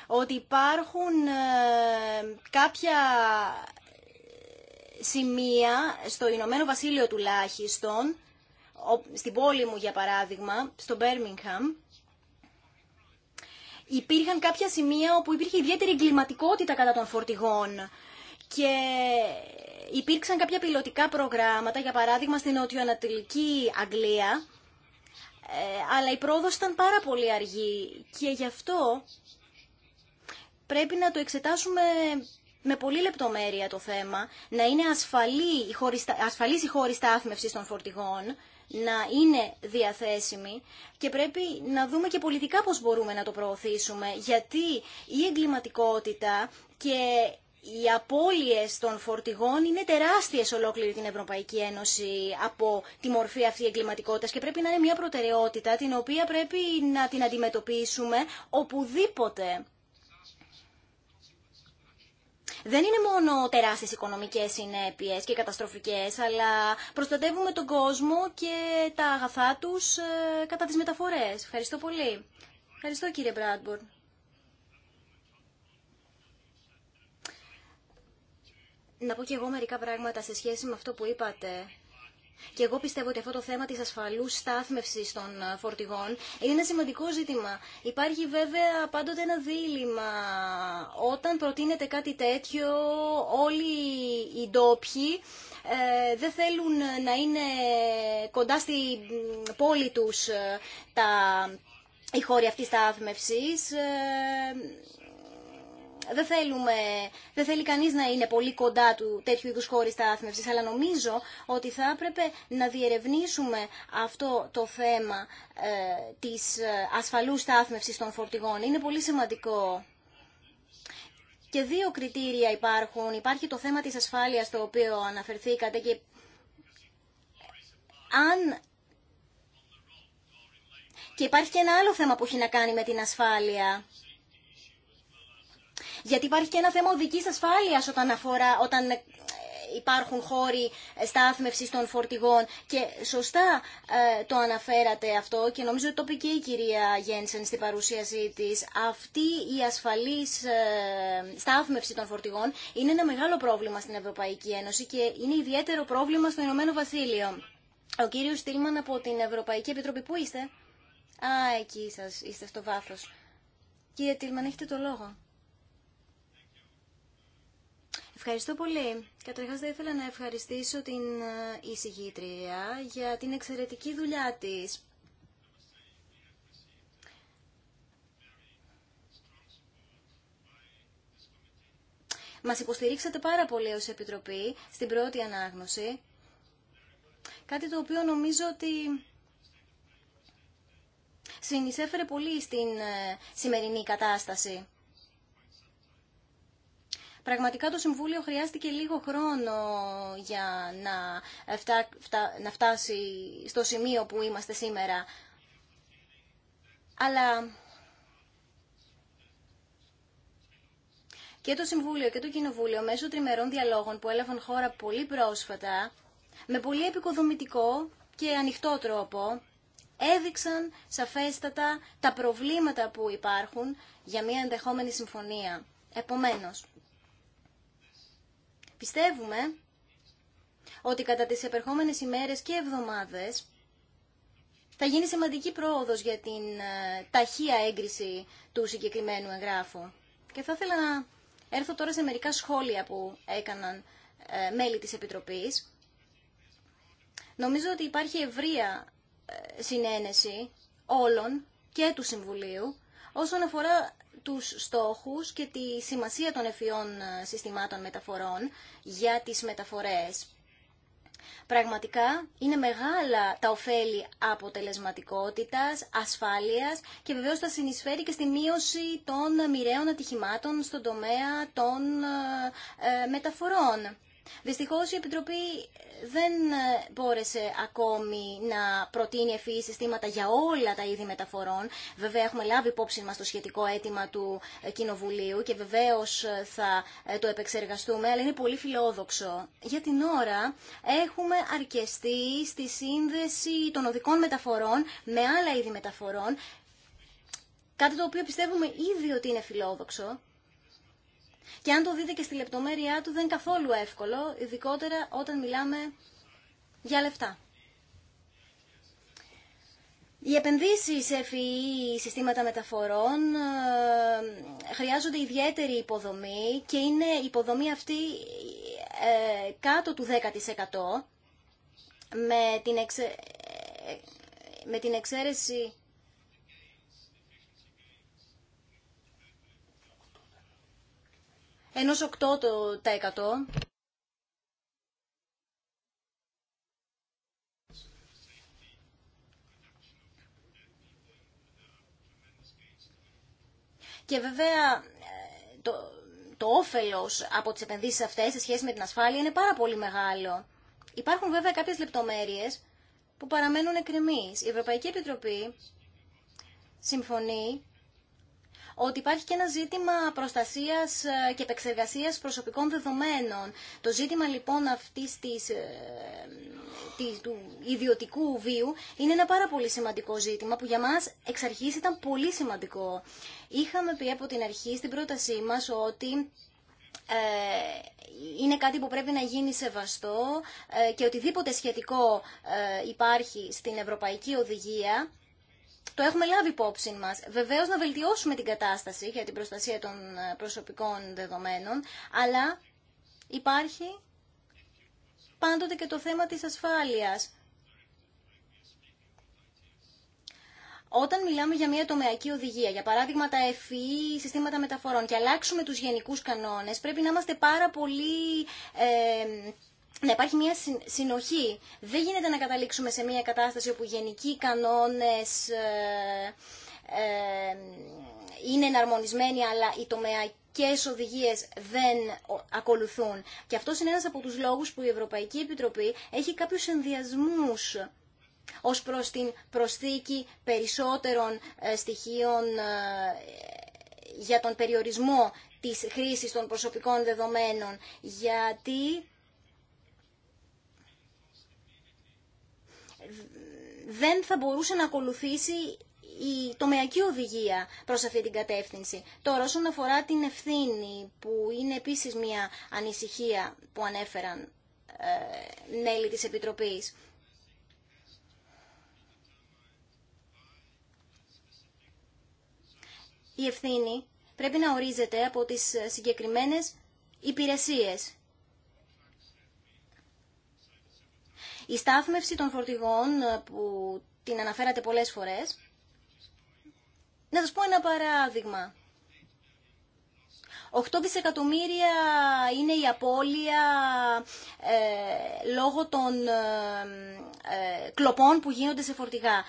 ότι υπάρχουν ε, κάποια σημεία στο Ηνωμένο Βασίλειο τουλάχιστον, στην πόλη μου για παράδειγμα, στο Μπέρμιγχαμ, υπήρχαν κάποια σημεία όπου υπήρχε ιδιαίτερη εγκληματικότητα κατά των φορτηγών και υπήρξαν κάποια πιλωτικά προγράμματα, για παράδειγμα στην νοτιοανατολική Αγγλία, ε, αλλά η πρόοδο ήταν πάρα πολύ αργή και γι' αυτό πρέπει να το εξετάσουμε με πολύ λεπτομέρεια το θέμα, να είναι ασφαλή, ασφαλής η χώρη στάθμευσης των φορτηγών να είναι διαθέσιμη και πρέπει να δούμε και πολιτικά πώς μπορούμε να το προωθήσουμε γιατί η εγκληματικότητα και οι απώλειες των φορτηγών είναι τεράστιες ολόκληρη την Ευρωπαϊκή Ένωση από τη μορφή αυτή εγκληματικότητας και πρέπει να είναι μια προτεραιότητα την οποία πρέπει να την αντιμετωπίσουμε οπουδήποτε δεν είναι μόνο τεράστιες οικονομικές συνέπειες και καταστροφικές, αλλά προστατεύουμε τον κόσμο και τα αγαθά τους ε, κατά τις μεταφορές. Ευχαριστώ πολύ. Ευχαριστώ κύριε Μπράντμπορν. Να πω και εγώ μερικά πράγματα σε σχέση με αυτό που είπατε και εγώ πιστεύω ότι αυτό το θέμα της ασφαλούς στάθμευσης των ε, φορτηγών είναι ένα σημαντικό ζήτημα. Υπάρχει βέβαια πάντοτε ένα δίλημα. Όταν προτείνεται κάτι τέτοιο, όλοι οι ντόπιοι ε, δεν θέλουν να είναι κοντά στη πόλη τους ε, τα, οι χώροι αυτής στάθμευσης δεν, θέλουμε, δεν θέλει κανείς να είναι πολύ κοντά του τέτοιου είδους χώρη στάθμευσης, αλλά νομίζω ότι θα έπρεπε να διερευνήσουμε αυτό το θέμα ε, της ε, ασφαλούς στάθμευσης των φορτηγών. Είναι πολύ σημαντικό. Και δύο κριτήρια υπάρχουν. Υπάρχει το θέμα της ασφάλειας το οποίο αναφερθήκατε και αν και υπάρχει και ένα άλλο θέμα που έχει να κάνει με την ασφάλεια. Γιατί υπάρχει και ένα θέμα οδική ασφάλεια όταν, αφορά, όταν ε, υπάρχουν χώροι ε, στάθμευσης των φορτηγών και σωστά ε, το αναφέρατε αυτό και νομίζω ότι το είπε και η κυρία Γένσεν στην παρουσίασή της. Αυτή η ασφαλής ε, στάθμευση των φορτηγών είναι ένα μεγάλο πρόβλημα στην Ευρωπαϊκή Ένωση και είναι ιδιαίτερο πρόβλημα στο Ηνωμένο Βασίλειο. Ο κύριος Στήλμαν από την Ευρωπαϊκή Επιτροπή, πού είστε? Α, εκεί σας, είστε στο βάθος. Κύριε Τίλμαν, έχετε το λόγο. Ευχαριστώ πολύ. Καταρχάς θα ήθελα να ευχαριστήσω την ε, εισηγήτρια για την εξαιρετική δουλειά της. Μας υποστηρίξατε πάρα πολύ ως Επιτροπή στην πρώτη ανάγνωση. Κάτι το οποίο νομίζω ότι συνεισέφερε πολύ στην ε, σημερινή κατάσταση. Πραγματικά το Συμβούλιο χρειάστηκε λίγο χρόνο για να, να φτάσει στο σημείο που είμαστε σήμερα. Αλλά και το Συμβούλιο και το Κοινοβούλιο μέσω τριμερών διαλόγων που έλαβαν χώρα πολύ πρόσφατα, με πολύ επικοδομητικό και ανοιχτό τρόπο, έδειξαν σαφέστατα τα προβλήματα που υπάρχουν για μια ενδεχόμενη συμφωνία. Επομένως, Πιστεύουμε ότι κατά τις επερχόμενες ημέρες και εβδομάδες θα γίνει σημαντική πρόοδος για την ε, ταχεία έγκριση του συγκεκριμένου εγγράφου. Και θα ήθελα να έρθω τώρα σε μερικά σχόλια που έκαναν ε, μέλη της Επιτροπής. Νομίζω ότι υπάρχει ευρεία ε, συνένεση όλων και του Συμβουλίου όσον αφορά τους στόχους και τη σημασία των ευφυών ε, συστημάτων μεταφορών για τις μεταφορές. Πραγματικά είναι μεγάλα τα ωφέλη αποτελεσματικότητας, ασφάλειας και βεβαίως θα συνεισφέρει και στη μείωση των μοιραίων ατυχημάτων στον τομέα των ε, ε, μεταφορών. Δυστυχώς η Επιτροπή δεν ε, μπόρεσε ακόμη να προτείνει ευφυή συστήματα για όλα τα είδη μεταφορών. Βέβαια έχουμε λάβει υπόψη μας το σχετικό αίτημα του ε, Κοινοβουλίου και βεβαίως ε, θα το επεξεργαστούμε, αλλά είναι πολύ φιλόδοξο. Για την ώρα έχουμε αρκεστεί στη σύνδεση των οδικών μεταφορών με άλλα είδη μεταφορών, κάτι το οποίο πιστεύουμε ήδη ότι είναι φιλόδοξο και αν το δείτε και στη λεπτομέρειά του δεν είναι καθόλου εύκολο, ειδικότερα όταν μιλάμε για λεφτά. Οι επενδύσεις σε FEE e, συστήματα μεταφορών ε, χρειάζονται ιδιαίτερη υποδομή και είναι η υποδομή αυτή ε, κάτω του 10% με την, ε, με την εξαίρεση ενός 8%. Και βέβαια ε, το, το όφελος από τις επενδύσεις αυτές σε σχέση με την ασφάλεια είναι πάρα πολύ μεγάλο. Υπάρχουν βέβαια κάποιες λεπτομέρειες που παραμένουν εκκρεμείς. Η Ευρωπαϊκή Επιτροπή συμφωνεί ότι υπάρχει και ένα ζήτημα προστασίας ε, και επεξεργασίας προσωπικών δεδομένων. Το ζήτημα λοιπόν αυτής ε, της, του ιδιωτικού βίου είναι ένα πάρα πολύ σημαντικό ζήτημα που για μας εξ αρχής ήταν πολύ σημαντικό. Είχαμε πει από την αρχή στην πρότασή μας ότι ε, είναι κάτι που πρέπει να γίνει σεβαστό και οτιδήποτε σχετικό υπάρχει στην Ευρωπαϊκή Οδηγία το έχουμε λάβει υπόψη μας. Βεβαίω να βελτιώσουμε την κατάσταση για την προστασία των ε, προσωπικών δεδομένων, αλλά υπάρχει πάντοτε και το θέμα της ασφάλειας. Όταν μιλάμε για μια τομεακή οδηγία, για παράδειγμα τα FEE, συστήματα μεταφορών και αλλάξουμε τους γενικούς κανόνες, πρέπει να είμαστε πάρα πολύ... Ε, να υπάρχει μια συνοχή. Δεν γίνεται να καταλήξουμε σε μια κατάσταση όπου γενικοί κανόνες ε, ε, είναι εναρμονισμένοι, αλλά οι τομεακές οδηγίες δεν ακολουθούν. Και αυτό είναι ένας από τους λόγους που η Ευρωπαϊκή Επιτροπή έχει κάποιους ενδιασμούς ως προς την προσθήκη περισσότερων ε, στοιχείων για τον περιορισμό της χρήσης των προσωπικών δεδομένων, γιατί δεν θα μπορούσε να ακολουθήσει η τομεακή οδηγία προς αυτή την κατεύθυνση. Τώρα όσον αφορά την ευθύνη που είναι επίσης μια ανησυχία που ανέφεραν ε, μέλη της Επιτροπής. Η ευθύνη πρέπει να ορίζεται από τις συγκεκριμένες υπηρεσίες Η στάθμευση των φορτηγών ε, που την αναφέρατε πολλές φορές. Να σας πω ένα παράδειγμα. 8 δισεκατομμύρια είναι η απώλεια ε, λόγω των ε, κλοπών που γίνονται σε φορτηγά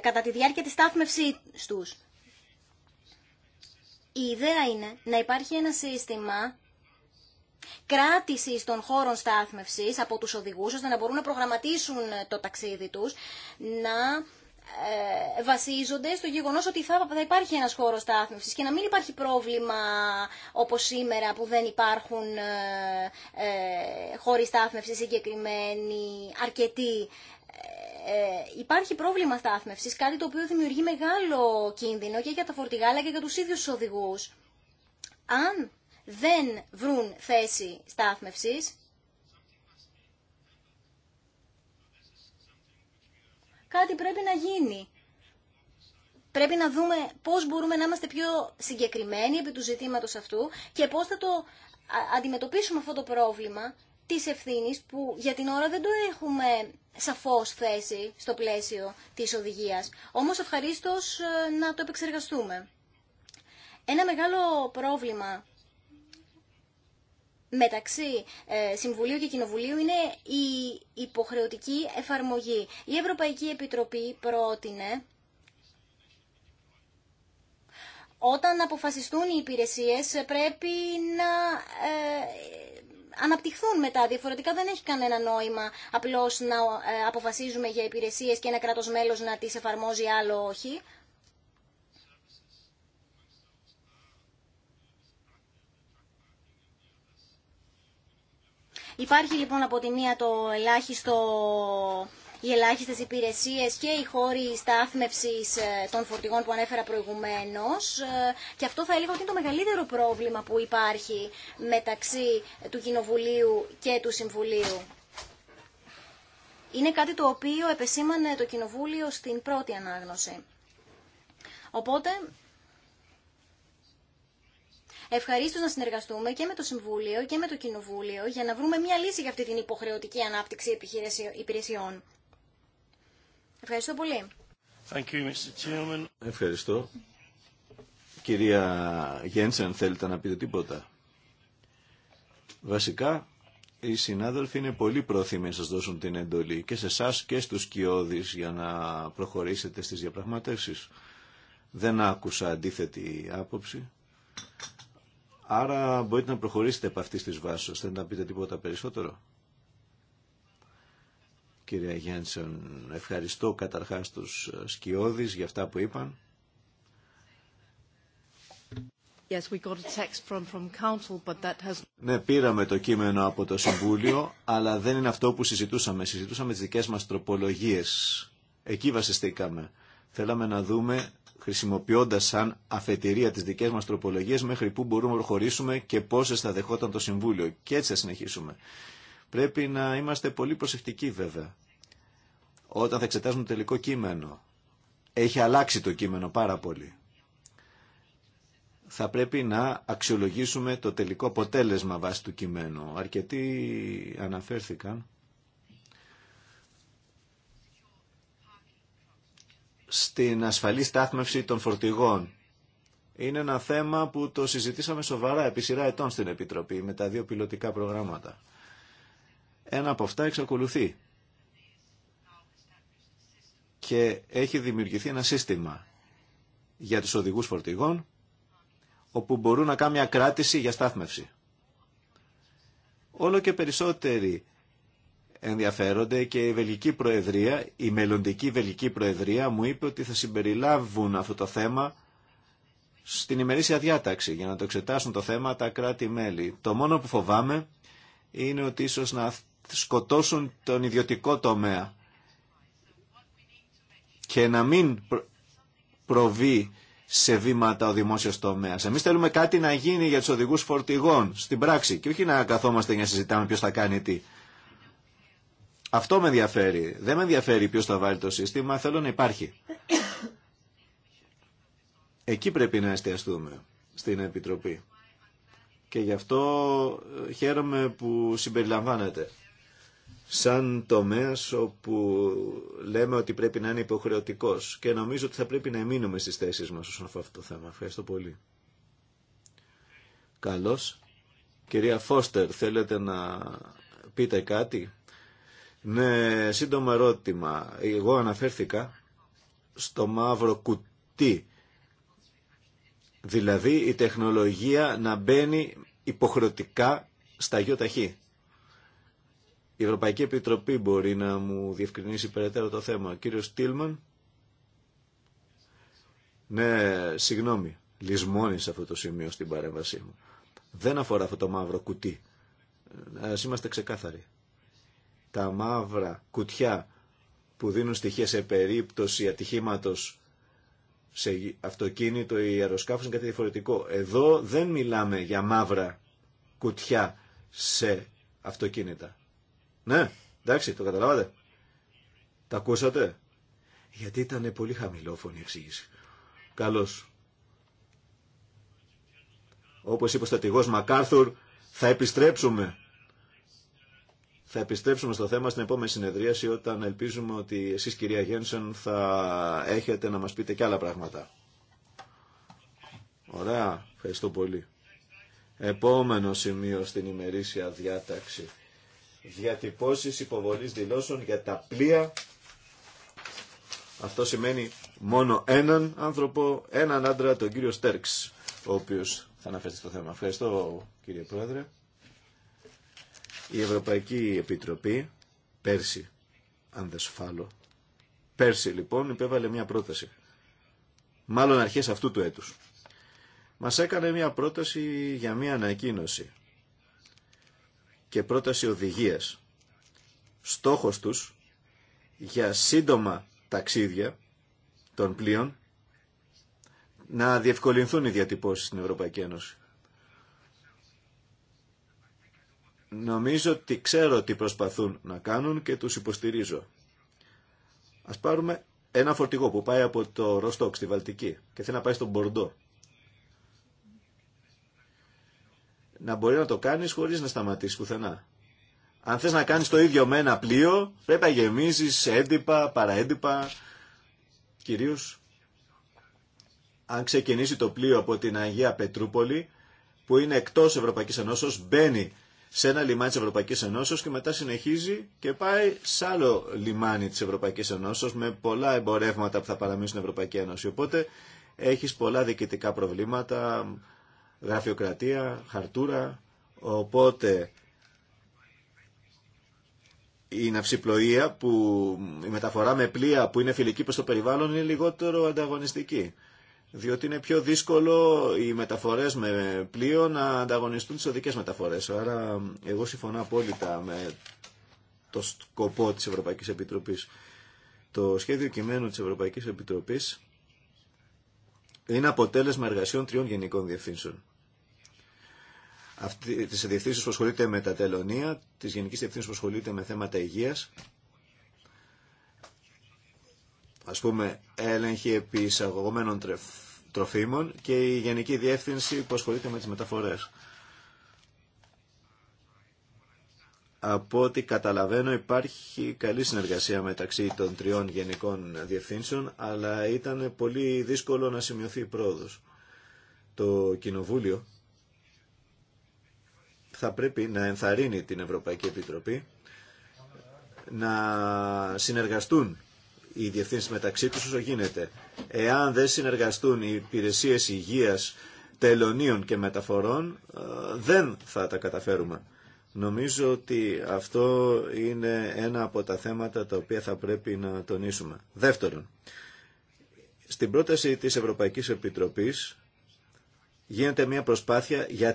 κατά τη διάρκεια της στάθμευσής τους. Η ιδέα είναι να υπάρχει ένα σύστημα κράτηση των χώρων στάθμευσης από τους οδηγούς, ώστε να μπορούν να προγραμματίσουν το ταξίδι τους, να ε, βασίζονται στο γεγονός ότι θα, υπάρχει ένας χώρος στάθμευσης και να μην υπάρχει πρόβλημα όπως σήμερα που δεν υπάρχουν ε, ε, χώροι στάθμευσης συγκεκριμένοι, αρκετοί. υπάρχει πρόβλημα στάθμευσης, κάτι το οποίο δημιουργεί μεγάλο κίνδυνο και για τα φορτηγά αλλά και για του ίδιου τους οδηγούς. Αν δεν βρουν θέση στάθμευσης, κάτι πρέπει να γίνει. Πρέπει να δούμε πώς μπορούμε να είμαστε πιο συγκεκριμένοι επί του ζητήματος αυτού και πώς θα το αντιμετωπίσουμε αυτό το πρόβλημα της ευθύνης που για την ώρα δεν το έχουμε σαφώς θέση στο πλαίσιο της οδηγίας. Όμως ευχαρίστως ε, να το επεξεργαστούμε. Ένα μεγάλο πρόβλημα μεταξύ ε, Συμβουλίου και Κοινοβουλίου είναι η υποχρεωτική εφαρμογή. Η Ευρωπαϊκή Επιτροπή πρότεινε όταν αποφασιστούν οι υπηρεσίες πρέπει να ε, αναπτυχθούν μετά. Διαφορετικά δεν έχει κανένα νόημα απλώς να ε, αποφασίζουμε για υπηρεσίες και ένα κράτος μέλος να τις εφαρμόζει άλλο όχι. Υπάρχει λοιπόν από τη μία το ελάχιστο οι ελάχιστες υπηρεσίες και οι χώροι στάθμευση ε, των φορτηγών που ανέφερα προηγουμένως ε, και αυτό θα έλεγα ότι είναι το μεγαλύτερο πρόβλημα που υπάρχει μεταξύ του Κοινοβουλίου και του Συμβουλίου. Είναι κάτι το οποίο επεσήμανε το Κοινοβούλιο στην πρώτη ανάγνωση. Οπότε Ευχαρίστω να συνεργαστούμε και με το Συμβούλιο και με το Κοινοβούλιο για να βρούμε μια λύση για αυτή την υποχρεωτική ανάπτυξη υπηρεσιών. Ευχαριστώ πολύ. Thank you, Mr. Ευχαριστώ. Κυρία Γένσεν, θέλετε να πείτε τίποτα. Βασικά, οι συνάδελφοι είναι πολύ πρόθυμοι να σας δώσουν την εντολή και σε εσά και στους κοιόδης για να προχωρήσετε στις διαπραγματεύσεις. Δεν άκουσα αντίθετη άποψη. Άρα μπορείτε να προχωρήσετε από αυτή τη βάση. ώστε να πείτε τίποτα περισσότερο. Κυρία Γένσον, ευχαριστώ καταρχάς τους σκιώδεις για αυτά που είπαν. Yes, we got a text from, from council, but that has... Ναι, πήραμε το κείμενο από το Συμβούλιο, αλλά δεν είναι αυτό που συζητούσαμε. Συζητούσαμε τις δικές μας τροπολογίες. Εκεί βασιστήκαμε. Θέλαμε να δούμε χρησιμοποιώντας σαν αφετηρία τις δικές μας τροπολογίες μέχρι πού μπορούμε να προχωρήσουμε και πόσες θα δεχόταν το Συμβούλιο. Και έτσι θα συνεχίσουμε. Πρέπει να είμαστε πολύ προσεκτικοί βέβαια. Όταν θα εξετάζουμε το τελικό κείμενο. Έχει αλλάξει το κείμενο πάρα πολύ. Θα πρέπει να αξιολογήσουμε το τελικό αποτέλεσμα βάσει του κειμένου. Αρκετοί αναφέρθηκαν στην ασφαλή στάθμευση των φορτηγών. Είναι ένα θέμα που το συζητήσαμε σοβαρά επί σειρά ετών στην Επιτροπή με τα δύο πιλωτικά προγράμματα. Ένα από αυτά εξακολουθεί και έχει δημιουργηθεί ένα σύστημα για τους οδηγούς φορτηγών όπου μπορούν να κάνουν μια κράτηση για στάθμευση. Όλο και περισσότεροι ενδιαφέρονται και η Βελγική Προεδρία, η μελλοντική Βελγική Προεδρία μου είπε ότι θα συμπεριλάβουν αυτό το θέμα στην ημερήσια διάταξη για να το εξετάσουν το θέμα τα κράτη-μέλη. Το μόνο που φοβάμαι είναι ότι ίσως να σκοτώσουν τον ιδιωτικό τομέα και να μην προβεί σε βήματα ο δημόσιος τομέας. Εμείς θέλουμε κάτι να γίνει για τους οδηγούς φορτηγών στην πράξη και όχι να καθόμαστε για να συζητάμε ποιο θα κάνει τι. Αυτό με ενδιαφέρει. Δεν με ενδιαφέρει ποιο θα βάλει το σύστημα, θέλω να υπάρχει. Εκεί πρέπει να εστιαστούμε στην Επιτροπή. Και γι' αυτό ε, χαίρομαι που συμπεριλαμβάνεται. Σαν τομέας όπου λέμε ότι πρέπει να είναι υποχρεωτικός και νομίζω ότι θα πρέπει να εμείνουμε στις θέσεις μας όσον αφορά αυτό το θέμα. Ευχαριστώ πολύ. Καλώς. Κυρία Φώστερ, θέλετε να πείτε κάτι. Ναι, σύντομα ερώτημα. Εγώ αναφέρθηκα στο μαύρο κουτί. Δηλαδή η τεχνολογία να μπαίνει υποχρεωτικά στα ταχύ. Η Ευρωπαϊκή Επιτροπή μπορεί να μου διευκρινίσει περαιτέρω το θέμα. Κύριο κύριος Τίλμαν. Ναι, συγγνώμη, Λυσμόνησα αυτό το σημείο στην παρέμβασή μου. Δεν αφορά αυτό το μαύρο κουτί. Ας είμαστε ξεκάθαροι τα μαύρα κουτιά που δίνουν στοιχεία σε περίπτωση ατυχήματος σε αυτοκίνητο ή αεροσκάφος είναι κάτι διαφορετικό. Εδώ δεν μιλάμε για μαύρα κουτιά σε αυτοκίνητα. Ναι, εντάξει, το καταλάβατε. Τα ακούσατε. Γιατί ήταν πολύ χαμηλόφωνη η εξήγηση. Καλώς. Όπως είπε ο στρατηγός Μακάρθουρ, θα επιστρέψουμε θα επιστρέψουμε στο θέμα στην επόμενη συνεδρίαση όταν ελπίζουμε ότι εσείς κυρία Γένσον θα έχετε να μας πείτε και άλλα πράγματα. Ωραία, ευχαριστώ πολύ. Επόμενο σημείο στην ημερήσια διάταξη. Διατυπώσεις υποβολής δηλώσεων για τα πλοία. Αυτό σημαίνει μόνο έναν άνθρωπο, έναν άντρα, τον κύριο Στέρξ, ο οποίος θα αναφέρει στο θέμα. Ευχαριστώ κύριε Πρόεδρε. Η Ευρωπαϊκή Επιτροπή πέρσι, αν δεν σφάλω, πέρσι λοιπόν υπέβαλε μια πρόταση. Μάλλον αρχές αυτού του έτους. Μας έκανε μια πρόταση για μια ανακοίνωση και πρόταση οδηγίας. Στόχος τους για σύντομα ταξίδια των πλοίων να διευκολυνθούν οι διατυπώσεις στην Ευρωπαϊκή Ένωση. Νομίζω ότι ξέρω τι προσπαθούν να κάνουν και τους υποστηρίζω. Ας πάρουμε ένα φορτηγό που πάει από το Ροστόκ στη Βαλτική και θέλει να πάει στον Μπορντό. Να μπορεί να το κάνεις χωρίς να σταματήσεις πουθενά. Αν θες να κάνεις το ίδιο με ένα πλοίο, πρέπει να γεμίζεις έντυπα, παραέντυπα, κυρίως αν ξεκινήσει το πλοίο από την Αγία Πετρούπολη, που είναι εκτός Ευρωπαϊκής Ενώσεως, μπαίνει σε ένα λιμάνι της Ευρωπαϊκής Ενώσης και μετά συνεχίζει και πάει σε άλλο λιμάνι της Ευρωπαϊκής Ενώσης με πολλά εμπορεύματα που θα παραμείνουν στην Ευρωπαϊκή Ένωση. Οπότε έχεις πολλά διοικητικά προβλήματα, γραφειοκρατία, χαρτούρα, οπότε η ναυσιπλοεία, που, η μεταφορά με πλοία που είναι φιλική προς το περιβάλλον είναι λιγότερο ανταγωνιστική διότι είναι πιο δύσκολο οι μεταφορές με πλοίο να ανταγωνιστούν τις οδικές μεταφορές. Άρα εγώ συμφωνώ απόλυτα με το σκοπό της Ευρωπαϊκής Επιτροπής. Το σχέδιο κειμένου της Ευρωπαϊκής Επιτροπής είναι αποτέλεσμα εργασιών τριών γενικών διευθύνσεων. Αυτή, τις που ασχολείται με τα τελωνία, τις γενικές διευθύνσεις που ασχολείται με θέματα υγείας ας πούμε, έλεγχη επί εισαγωγμένων τροφίμων και η Γενική Διεύθυνση που ασχολείται με τις μεταφορές. Από ό,τι καταλαβαίνω υπάρχει καλή συνεργασία μεταξύ των τριών γενικών διευθύνσεων, αλλά ήταν πολύ δύσκολο να σημειωθεί η πρόοδος. Το Κοινοβούλιο θα πρέπει να ενθαρρύνει την Ευρωπαϊκή Επιτροπή να συνεργαστούν οι διευθύνσει μεταξύ του όσο γίνεται. Εάν δεν συνεργαστούν οι υπηρεσίε υγεία, τελωνίων και μεταφορών, ε, δεν θα τα καταφέρουμε. Νομίζω ότι αυτό είναι ένα από τα θέματα τα οποία θα πρέπει να τονίσουμε. Δεύτερον, στην πρόταση της Ευρωπαϊκής Επιτροπής γίνεται μια προσπάθεια για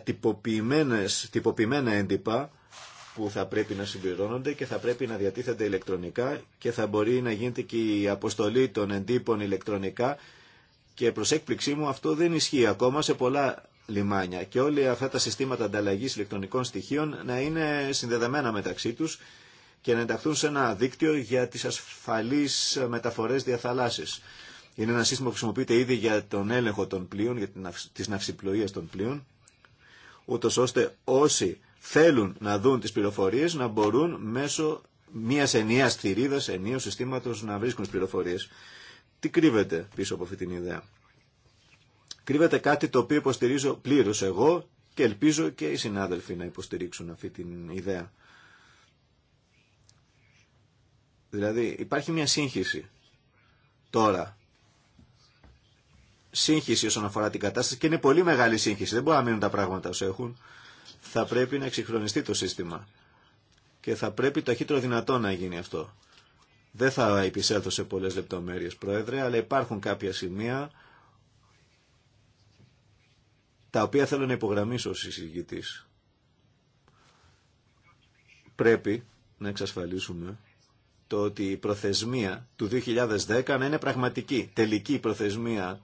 τυποποιημένα έντυπα που θα πρέπει να συμπληρώνονται και θα πρέπει να διατίθενται ηλεκτρονικά και θα μπορεί να γίνεται και η αποστολή των εντύπων ηλεκτρονικά και προς έκπληξή μου αυτό δεν ισχύει ακόμα σε πολλά λιμάνια και όλα αυτά τα συστήματα ανταλλαγής ηλεκτρονικών στοιχείων να είναι συνδεδεμένα μεταξύ τους και να ενταχθούν σε ένα δίκτυο για τις ασφαλείς μεταφορές διαθαλάσσης. Είναι ένα σύστημα που χρησιμοποιείται ήδη για τον έλεγχο των πλοίων, για τις ναυσιπλοείες των πλοίων, ούτω ώστε όσοι θέλουν να δουν τις πληροφορίες να μπορούν μέσω μιας ενιαίας θηρίδας, ενιαίου συστήματος να βρίσκουν τις πληροφορίες. Τι κρύβεται πίσω από αυτή την ιδέα. Κρύβεται κάτι το οποίο υποστηρίζω πλήρως εγώ και ελπίζω και οι συνάδελφοι να υποστηρίξουν αυτή την ιδέα. Δηλαδή υπάρχει μια σύγχυση τώρα. Σύγχυση όσον αφορά την κατάσταση και είναι πολύ μεγάλη σύγχυση. Δεν μπορεί να μείνουν τα πράγματα όσο έχουν θα πρέπει να εξυγχρονιστεί το σύστημα. Και θα πρέπει ταχύτερο δυνατό να γίνει αυτό. Δεν θα επισέλθω σε πολλές λεπτομέρειες, Πρόεδρε, αλλά υπάρχουν κάποια σημεία τα οποία θέλω να υπογραμμίσω ως εισηγητής. Πρέπει να εξασφαλίσουμε το ότι η προθεσμία του 2010 να είναι πραγματική, τελική προθεσμία.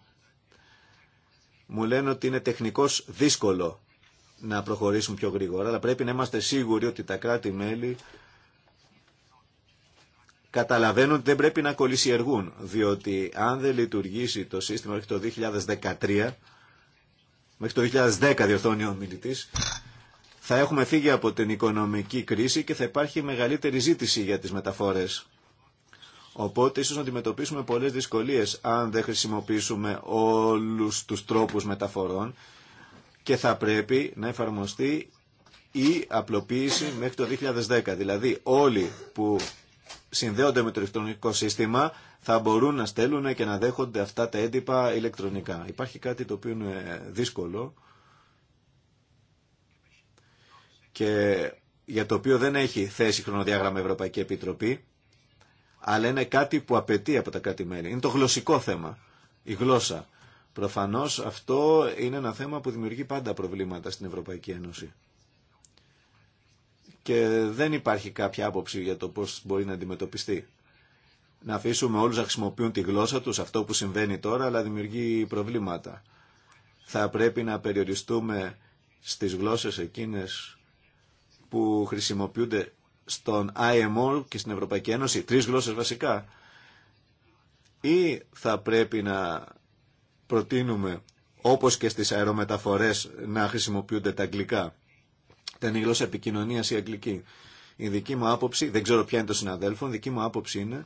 Μου λένε ότι είναι τεχνικώς δύσκολο να προχωρήσουν πιο γρήγορα, αλλά πρέπει να είμαστε σίγουροι ότι τα κράτη-μέλη καταλαβαίνουν ότι δεν πρέπει να κολλησιεργούν, διότι αν δεν λειτουργήσει το σύστημα μέχρι το 2013, μέχρι το 2010 διορθώνει ο μιλητής, θα έχουμε φύγει από την οικονομική κρίση και θα υπάρχει μεγαλύτερη ζήτηση για τις μεταφορές. Οπότε ίσως να αντιμετωπίσουμε πολλές δυσκολίες αν δεν χρησιμοποιήσουμε όλους τους τρόπους μεταφορών και θα πρέπει να εφαρμοστεί η απλοποίηση μέχρι το 2010. Δηλαδή όλοι που συνδέονται με το ηλεκτρονικό σύστημα θα μπορούν να στέλνουν και να δέχονται αυτά τα έντυπα ηλεκτρονικά. Υπάρχει κάτι το οποίο είναι δύσκολο και για το οποίο δεν έχει θέση χρονοδιάγραμμα Ευρωπαϊκή Επιτροπή, αλλά είναι κάτι που απαιτεί από τα κράτη-μέλη. Είναι το γλωσσικό θέμα, η γλώσσα. Προφανώς αυτό είναι ένα θέμα που δημιουργεί πάντα προβλήματα στην Ευρωπαϊκή Ένωση. Και δεν υπάρχει κάποια άποψη για το πώς μπορεί να αντιμετωπιστεί. Να αφήσουμε όλους να χρησιμοποιούν τη γλώσσα τους, αυτό που συμβαίνει τώρα, αλλά δημιουργεί προβλήματα. Θα πρέπει να περιοριστούμε στις γλώσσες εκείνες που χρησιμοποιούνται στον IMO και στην Ευρωπαϊκή Ένωση, τρεις γλώσσες βασικά, ή θα πρέπει να προτείνουμε όπως και στις αερομεταφορές να χρησιμοποιούνται τα αγγλικά. Τα είναι η γλώσσα επικοινωνίας η αγγλική. Η δική μου άποψη, δεν ξέρω ποια είναι το συναδέλφων, δική μου άποψη είναι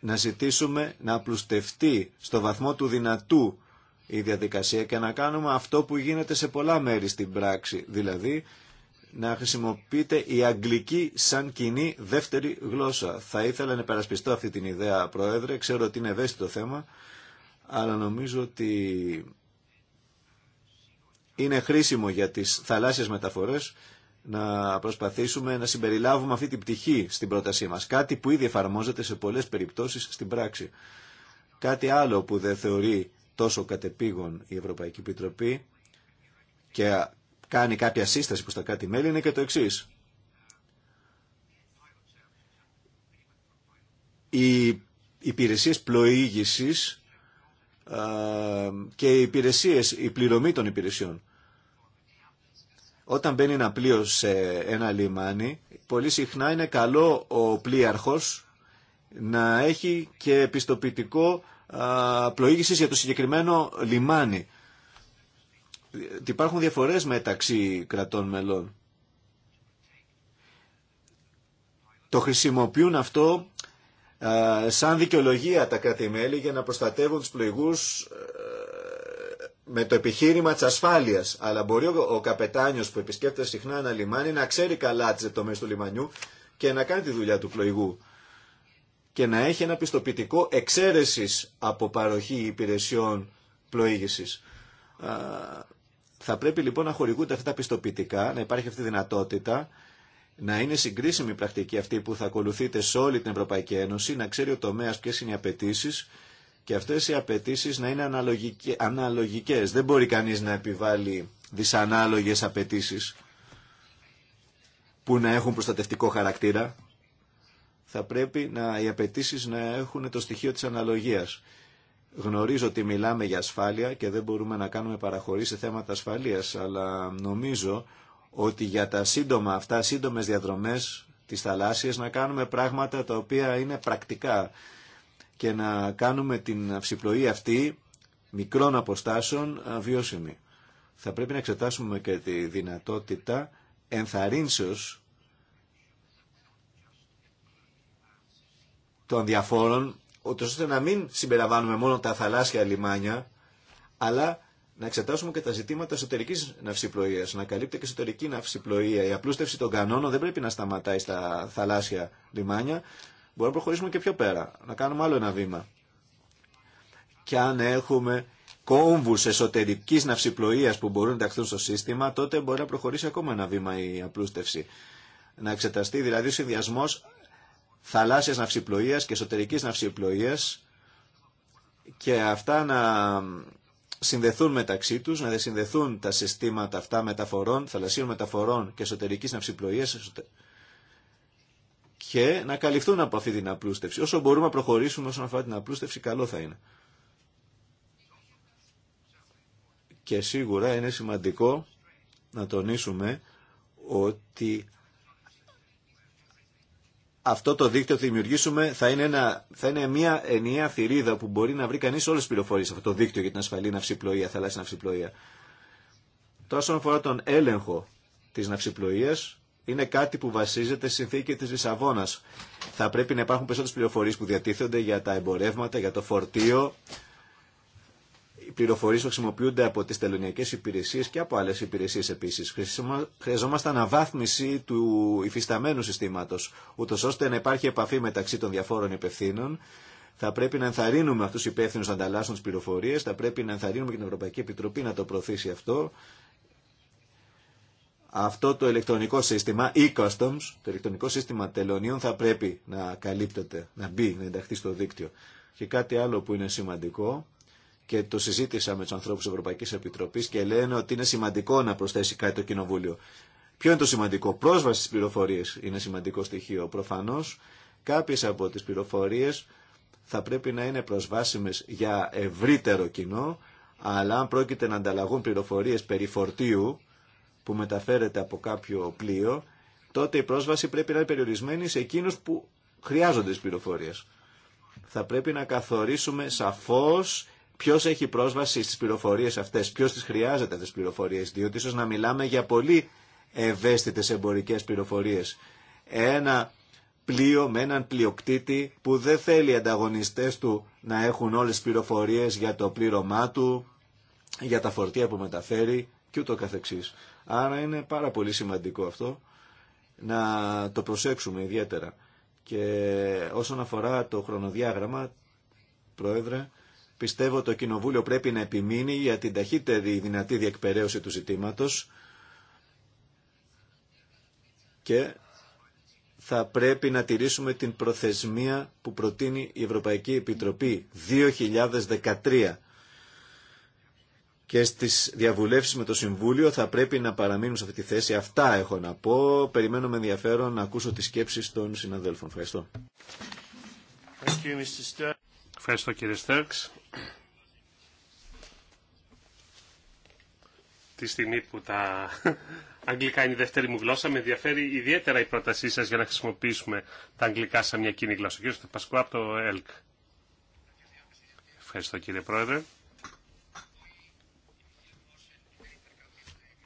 να ζητήσουμε να απλουστευτεί στο βαθμό του δυνατού η διαδικασία και να κάνουμε αυτό που γίνεται σε πολλά μέρη στην πράξη. Δηλαδή να χρησιμοποιείται η αγγλική σαν κοινή δεύτερη γλώσσα. Θα ήθελα να περασπιστώ αυτή την ιδέα, Πρόεδρε. Ξέρω ότι είναι ευαίσθητο θέμα, αλλά νομίζω ότι είναι χρήσιμο για τις θαλάσσιες μεταφορές να προσπαθήσουμε να συμπεριλάβουμε αυτή την πτυχή στην πρότασή μας. Κάτι που ήδη εφαρμόζεται σε πολλές περιπτώσεις στην πράξη. Κάτι άλλο που δεν θεωρεί τόσο κατεπήγον η Ευρωπαϊκή Επιτροπή και κάνει κάποια σύσταση προς τα κάτι μέλη είναι και το εξή. Οι υπηρεσίες πλοήγησης και οι υπηρεσίες, η πληρωμή των υπηρεσιών. Όταν μπαίνει ένα πλοίο σε ένα λιμάνι, πολύ συχνά είναι καλό ο πλοίαρχος να έχει και πιστοποιητικό πλοήγησης για το συγκεκριμένο λιμάνι υπάρχουν διαφορές μεταξύ κρατών μελών. Το χρησιμοποιούν αυτό σαν δικαιολογία τα κρατη για να προστατεύουν τους πλοηγούς ε, με το επιχείρημα της ασφάλειας. Αλλά μπορεί ο καπετάνιος που επισκέπτεται συχνά ένα λιμάνι να ξέρει καλά τις δεπτομέρειες του λιμανιού και να κάνει τη δουλειά του πλοηγού και να έχει ένα πιστοποιητικό εξαίρεσης από παροχή υπηρεσιών πλοήγησης. Θα πρέπει λοιπόν να χορηγούνται αυτά τα πιστοποιητικά, να υπάρχει αυτή η δυνατότητα, να είναι συγκρίσιμη η πρακτική αυτή που θα ακολουθείτε σε όλη την Ευρωπαϊκή Ένωση, να ξέρει ο τομέα ποιε είναι οι απαιτήσει και αυτέ οι απαιτήσει να είναι αναλογικέ. Δεν μπορεί κανεί να επιβάλλει δυσανάλογε απαιτήσει που να έχουν προστατευτικό χαρακτήρα. Θα πρέπει να, οι απαιτήσει να έχουν το στοιχείο τη αναλογία. Γνωρίζω ότι μιλάμε για ασφάλεια και δεν μπορούμε να κάνουμε παραχωρήσει σε θέματα ασφαλείας, αλλά νομίζω ότι για τα σύντομα αυτά, σύντομες διαδρομές της θαλάσσιας, να κάνουμε πράγματα τα οποία είναι πρακτικά και να κάνουμε την αυσιπλοή αυτή μικρών αποστάσεων βιώσιμη. Θα πρέπει να εξετάσουμε και τη δυνατότητα ενθαρρύνσεως των διαφόρων ώστε να μην συμπεραβάνουμε μόνο τα θαλάσσια λιμάνια, αλλά να εξετάσουμε και τα ζητήματα εσωτερική ναυσιπλοεία. Να καλύπτει και εσωτερική ναυσιπλοεία. Η απλούστευση των κανόνων δεν πρέπει να σταματάει στα θαλάσσια λιμάνια. Μπορούμε να προχωρήσουμε και πιο πέρα, να κάνουμε άλλο ένα βήμα. Και αν έχουμε κόμβου εσωτερική ναυσιπλοεία που μπορούν να ενταχθούν στο σύστημα, τότε μπορεί να προχωρήσει ακόμα ένα βήμα η απλούστευση. Να εξεταστεί δηλαδή ο συνδυασμό θαλάσσιας ναυσιπλοείας και εσωτερικής ναυσιπλοείας και αυτά να συνδεθούν μεταξύ τους, να συνδεθούν τα συστήματα αυτά μεταφορών, θαλασσίων μεταφορών και εσωτερικής ναυσιπλοείας και να καλυφθούν από αυτή την απλούστευση. Όσο μπορούμε να προχωρήσουμε όσον αφορά την απλούστευση, καλό θα είναι. Και σίγουρα είναι σημαντικό να τονίσουμε ότι αυτό το δίκτυο που δημιουργήσουμε θα είναι, ένα, θα είναι μια ενιαία θηρίδα που μπορεί να βρει κανεί όλε τι πληροφορίε αυτό το δίκτυο για την ασφαλή ναυσιπλοεία, θαλάσσια ναυσιπλοεία. Τώρα, όσον αφορά τον έλεγχο τη ναυσιπλοεία, είναι κάτι που βασίζεται στη συνθήκη τη Λισαβόνα. Θα πρέπει να υπάρχουν περισσότερε πληροφορίε που διατίθενται για τα εμπορεύματα, για το φορτίο, Πληροφορίε που χρησιμοποιούνται από τι τελωνιακέ υπηρεσίε και από άλλε υπηρεσίε επίση. Χρειαζόμαστε αναβάθμιση του υφισταμένου συστήματο, ούτω ώστε να υπάρχει επαφή μεταξύ των διαφόρων υπευθύνων. Θα πρέπει να ενθαρρύνουμε αυτού του υπεύθυνου να ανταλλάσσουν τι πληροφορίε, θα πρέπει να ενθαρρύνουμε και την Ευρωπαϊκή Επιτροπή να το προωθήσει αυτό. Αυτό το ηλεκτρονικό σύστημα, e-customs, το ηλεκτρονικό σύστημα τελωνίων θα πρέπει να καλύπτεται, να μπει, να ενταχθεί στο δίκτυο. Και κάτι άλλο που είναι σημαντικό, και το συζήτησα με του ανθρώπου τη Ευρωπαϊκή Επιτροπή και λένε ότι είναι σημαντικό να προσθέσει κάτι το Κοινοβούλιο. Ποιο είναι το σημαντικό, πρόσβαση στι πληροφορίε είναι σημαντικό στοιχείο. Προφανώ κάποιε από τι πληροφορίε θα πρέπει να είναι προσβάσιμε για ευρύτερο κοινό, αλλά αν πρόκειται να ανταλλαγούν πληροφορίε περί φορτίου που μεταφέρεται από κάποιο πλοίο, τότε η πρόσβαση πρέπει να είναι περιορισμένη σε εκείνου που χρειάζονται τι πληροφορίε. Θα πρέπει να καθορίσουμε σαφώς Ποιο έχει πρόσβαση στι πληροφορίε αυτέ, ποιο τι χρειάζεται αυτές τις πληροφορίες, διότι ίσω να μιλάμε για πολύ ευαίσθητε εμπορικέ πληροφορίε. Ένα πλοίο με έναν πλειοκτήτη που δεν θέλει οι ανταγωνιστές του να έχουν όλες τις πληροφορίες για το πλήρωμά του, για τα φορτία που μεταφέρει και ούτω καθεξής. Άρα είναι πάρα πολύ σημαντικό αυτό να το προσέξουμε ιδιαίτερα. Και όσον αφορά το χρονοδιάγραμμα, Πρόεδρε, Πιστεύω το Κοινοβούλιο πρέπει να επιμείνει για την ταχύτερη δυνατή διεκπαιρέωση του ζητήματος και θα πρέπει να τηρήσουμε την προθεσμία που προτείνει η Ευρωπαϊκή Επιτροπή 2013 και στις διαβουλεύσεις με το Συμβούλιο θα πρέπει να παραμείνουμε σε αυτή τη θέση. Αυτά έχω να πω. Περιμένω με ενδιαφέρον να ακούσω τις σκέψεις των συναδέλφων. Ευχαριστώ. Ευχαριστώ κύριε Στέρξ. Τη στιγμή που τα αγγλικά είναι η δεύτερη μου γλώσσα, με ενδιαφέρει ιδιαίτερα η πρότασή σας για να χρησιμοποιήσουμε τα αγγλικά σαν μια κοινή γλώσσα. Κύριε Πασκουά από το ΕΛΚ. Ευχαριστώ κύριε Πρόεδρε.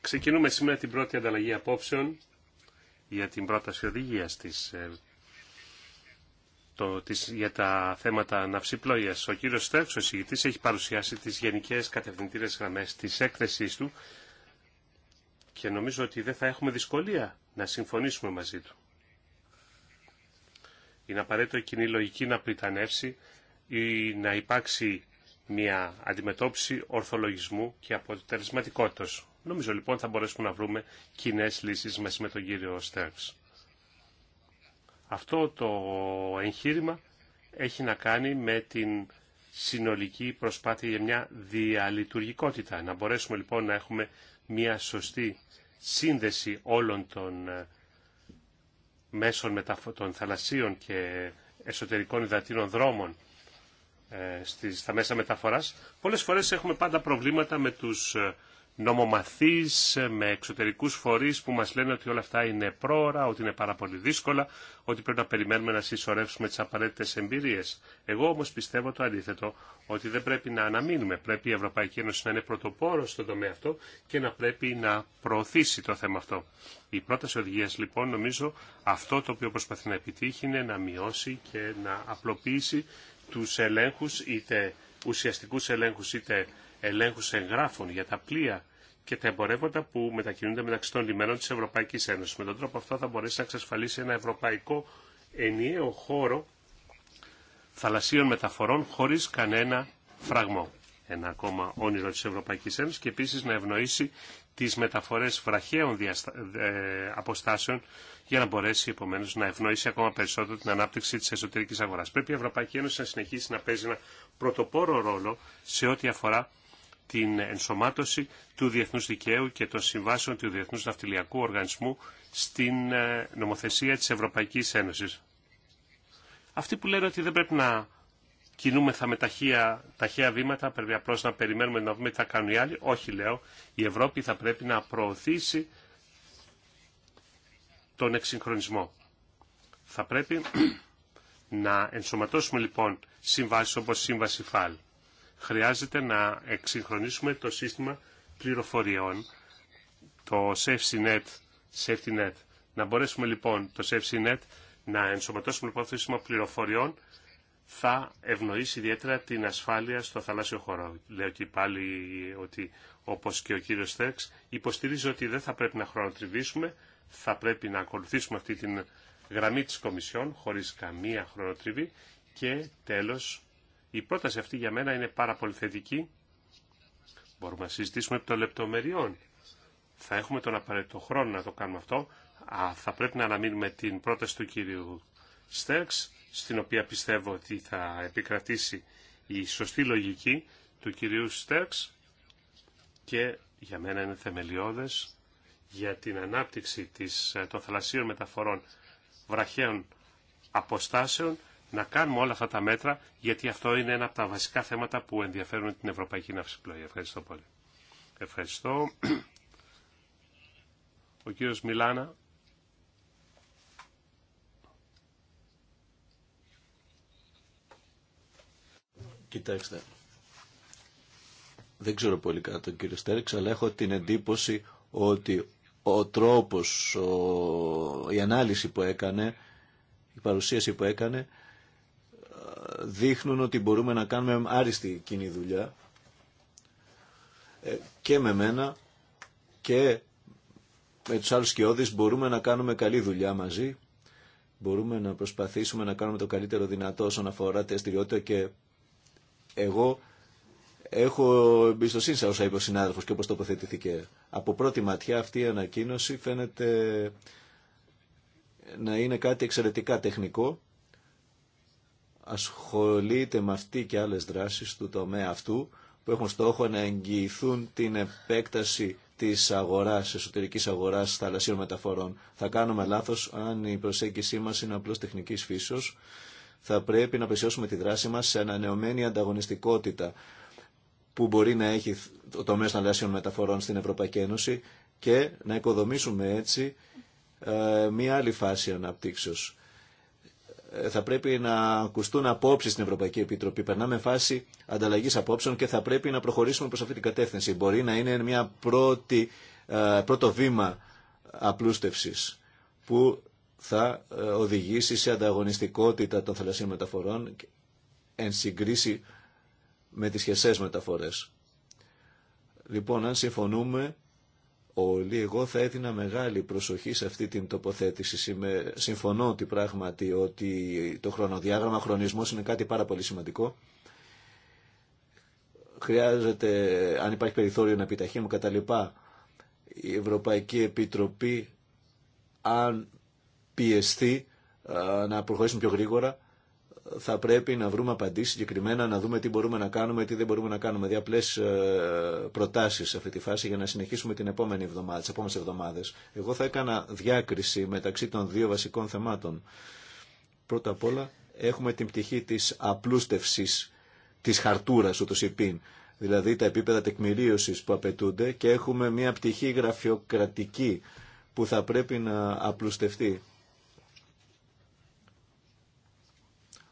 Ξεκινούμε σήμερα την πρώτη ανταλλαγή απόψεων για την πρόταση οδηγία της το, τις, για τα θέματα ναυσιπλοίας. Ο κύριος Στέρξ, ο συγητής, έχει παρουσιάσει τις γενικές κατευθυντήρες γραμμές της έκθεσής του και νομίζω ότι δεν θα έχουμε δυσκολία να συμφωνήσουμε μαζί του. Είναι απαραίτητο η κοινή λογική να πριτανεύσει ή να υπάρξει μια αντιμετώπιση ορθολογισμού και αποτελεσματικότητας. Νομίζω λοιπόν θα μπορέσουμε να βρούμε κοινέ λύσεις μαζί με τον κύριο Στέρξ. Αυτό το εγχείρημα έχει να κάνει με την συνολική προσπάθεια για μια διαλειτουργικότητα. Να μπορέσουμε λοιπόν να έχουμε μια σωστή σύνδεση όλων των ε, μέσων των θαλασσίων και εσωτερικών υδατίνων δρόμων ε, στα μέσα μεταφοράς. Πολλές φορές έχουμε πάντα προβλήματα με τους ε, νομομαθείς, με εξωτερικούς φορείς που μας λένε ότι όλα αυτά είναι πρόωρα, ότι είναι πάρα πολύ δύσκολα, ότι πρέπει να περιμένουμε να συσσωρεύσουμε τις απαραίτητες εμπειρίες. Εγώ όμως πιστεύω το αντίθετο, ότι δεν πρέπει να αναμείνουμε. Πρέπει η Ευρωπαϊκή Ένωση να είναι πρωτοπόρο στον τομέα αυτό και να πρέπει να προωθήσει το θέμα αυτό. Η πρόταση οδηγία λοιπόν νομίζω αυτό το οποίο προσπαθεί να επιτύχει είναι να μειώσει και να απλοποιήσει τους ελέγχους είτε ουσιαστικούς ελέγχους είτε ελέγχους εγγράφων για τα πλοία και τα εμπορεύοντα που μετακινούνται μεταξύ των λιμένων της Ευρωπαϊκής Ένωσης. Με τον τρόπο αυτό θα μπορέσει να εξασφαλίσει ένα ευρωπαϊκό ενιαίο χώρο θαλασσίων μεταφορών χωρίς κανένα φραγμό. Ένα ακόμα όνειρο της Ευρωπαϊκής Ένωσης και επίσης να ευνοήσει τις μεταφορές βραχαίων διαστα... Ε, αποστάσεων για να μπορέσει επομένω να ευνοήσει ακόμα περισσότερο την ανάπτυξη της εσωτερικής αγοράς. Πρέπει η Ευρωπαϊκή Ένωση να συνεχίσει να παίζει ένα πρωτοπόρο ρόλο σε ό,τι αφορά την ενσωμάτωση του διεθνούς δικαίου και των συμβάσεων του Διεθνούς Ναυτιλιακού Οργανισμού στην ε, νομοθεσία της Ευρωπαϊκής Ένωσης. Αυτοί που λένε ότι δεν πρέπει να κινούμεθα με ταχεία, ταχεία βήματα, πρέπει απλώ να περιμένουμε να δούμε τι θα κάνουν οι άλλοι. Όχι, λέω, η Ευρώπη θα πρέπει να προωθήσει τον εξυγχρονισμό. Θα πρέπει (clears throat) να ενσωματώσουμε λοιπόν συμβάσεις όπως σύμβαση ΦΑΛ χρειάζεται να εξυγχρονίσουμε το σύστημα πληροφοριών, το SafeCNet, SafetyNet. Να μπορέσουμε λοιπόν το SafeCNet να ενσωματώσουμε λοιπόν το σύστημα πληροφοριών θα ευνοήσει ιδιαίτερα την ασφάλεια στο θαλάσσιο χώρο. Λέω και πάλι ότι όπως και ο κύριος Στέρξ υποστηρίζει ότι δεν θα πρέπει να χρονοτριβήσουμε, θα πρέπει να ακολουθήσουμε αυτή την γραμμή της Κομισιόν χωρίς καμία χρονοτριβή και τέλος η πρόταση αυτή για μένα είναι πάρα πολύ θετική. Μπορούμε να συζητήσουμε επί των λεπτομεριών. Θα έχουμε τον απαραίτητο χρόνο να το κάνουμε αυτό. Α, θα πρέπει να αναμείνουμε την πρόταση του κύριου Στέρξ, στην οποία πιστεύω ότι θα επικρατήσει η σωστή λογική του κυρίου Στέρξ και για μένα είναι θεμελιώδες για την ανάπτυξη της, ε, των θαλασσίων μεταφορών βραχαίων αποστάσεων να κάνουμε όλα αυτά τα μέτρα, γιατί αυτό είναι ένα από τα βασικά θέματα που ενδιαφέρουν την Ευρωπαϊκή Ναυσιπλοεία. Ευχαριστώ πολύ. Ευχαριστώ. Ο κύριος Μιλάνα. Κοιτάξτε, δεν ξέρω πολύ καλά τον κύριο Στέρεξ, αλλά έχω την εντύπωση ότι ο τρόπος, ο, η ανάλυση που έκανε, η παρουσίαση που έκανε, δείχνουν ότι μπορούμε να κάνουμε άριστη κοινή δουλειά ε, και με μένα και με τους άλλους σκιώδεις μπορούμε να κάνουμε καλή δουλειά μαζί. Μπορούμε να προσπαθήσουμε να κάνουμε το καλύτερο δυνατό όσον αφορά τη αστηριότητα και εγώ έχω εμπιστοσύνη σε όσα είπε ο συνάδελφος και όπως τοποθετηθήκε. Από πρώτη ματιά αυτή η ανακοίνωση φαίνεται να είναι κάτι εξαιρετικά τεχνικό ασχολείται με αυτή και άλλες δράσεις του τομέα αυτού που έχουν στόχο να εγγυηθούν την επέκταση της αγοράς, εσωτερικής αγοράς θαλασσίων μεταφορών. Θα κάνουμε λάθος αν η προσέγγιση μας είναι απλώς τεχνικής φύσεως. Θα πρέπει να πεσιώσουμε τη δράση μας σε ανανεωμένη ανταγωνιστικότητα που μπορεί να έχει το τομέα θαλασσίων μεταφορών στην Ευρωπαϊκή Ένωση και να οικοδομήσουμε έτσι ε, μία άλλη φάση αναπτύξεως θα πρέπει να ακουστούν απόψει στην Ευρωπαϊκή Επιτροπή. Περνάμε φάση ανταλλαγή απόψεων και θα πρέπει να προχωρήσουμε προ αυτή την κατεύθυνση. Μπορεί να είναι μια πρώτη, ε, πρώτο βήμα απλούστευση που θα ε, οδηγήσει σε ανταγωνιστικότητα των θαλασσίων μεταφορών εν συγκρίση με τις χεσές μεταφορές. Λοιπόν, αν συμφωνούμε όλοι. Εγώ θα έδινα μεγάλη προσοχή σε αυτή την τοποθέτηση. Συμφωνώ ότι πράγματι ότι το χρονοδιάγραμμα, ο χρονισμός είναι κάτι πάρα πολύ σημαντικό. Χρειάζεται, αν υπάρχει περιθώριο να επιταχύνουμε κατά λοιπά, η Ευρωπαϊκή Επιτροπή, αν πιεστεί, να προχωρήσουμε πιο γρήγορα θα πρέπει να βρούμε απαντήσεις συγκεκριμένα, να δούμε τι μπορούμε να κάνουμε, τι δεν μπορούμε να κάνουμε. Διαπλές ε, προτάσεις σε αυτή τη φάση για να συνεχίσουμε την επόμενη εβδομάδα, τις επόμενες εβδομάδες. Εγώ θα έκανα διάκριση μεταξύ των δύο βασικών θεμάτων. Πρώτα απ' όλα έχουμε την πτυχή της απλούστευσης της χαρτούρας, ούτως υπήν, δηλαδή τα επίπεδα τεκμηρίωσης που απαιτούνται και έχουμε μια πτυχή γραφειοκρατική που θα πρέπει να απλουστευτεί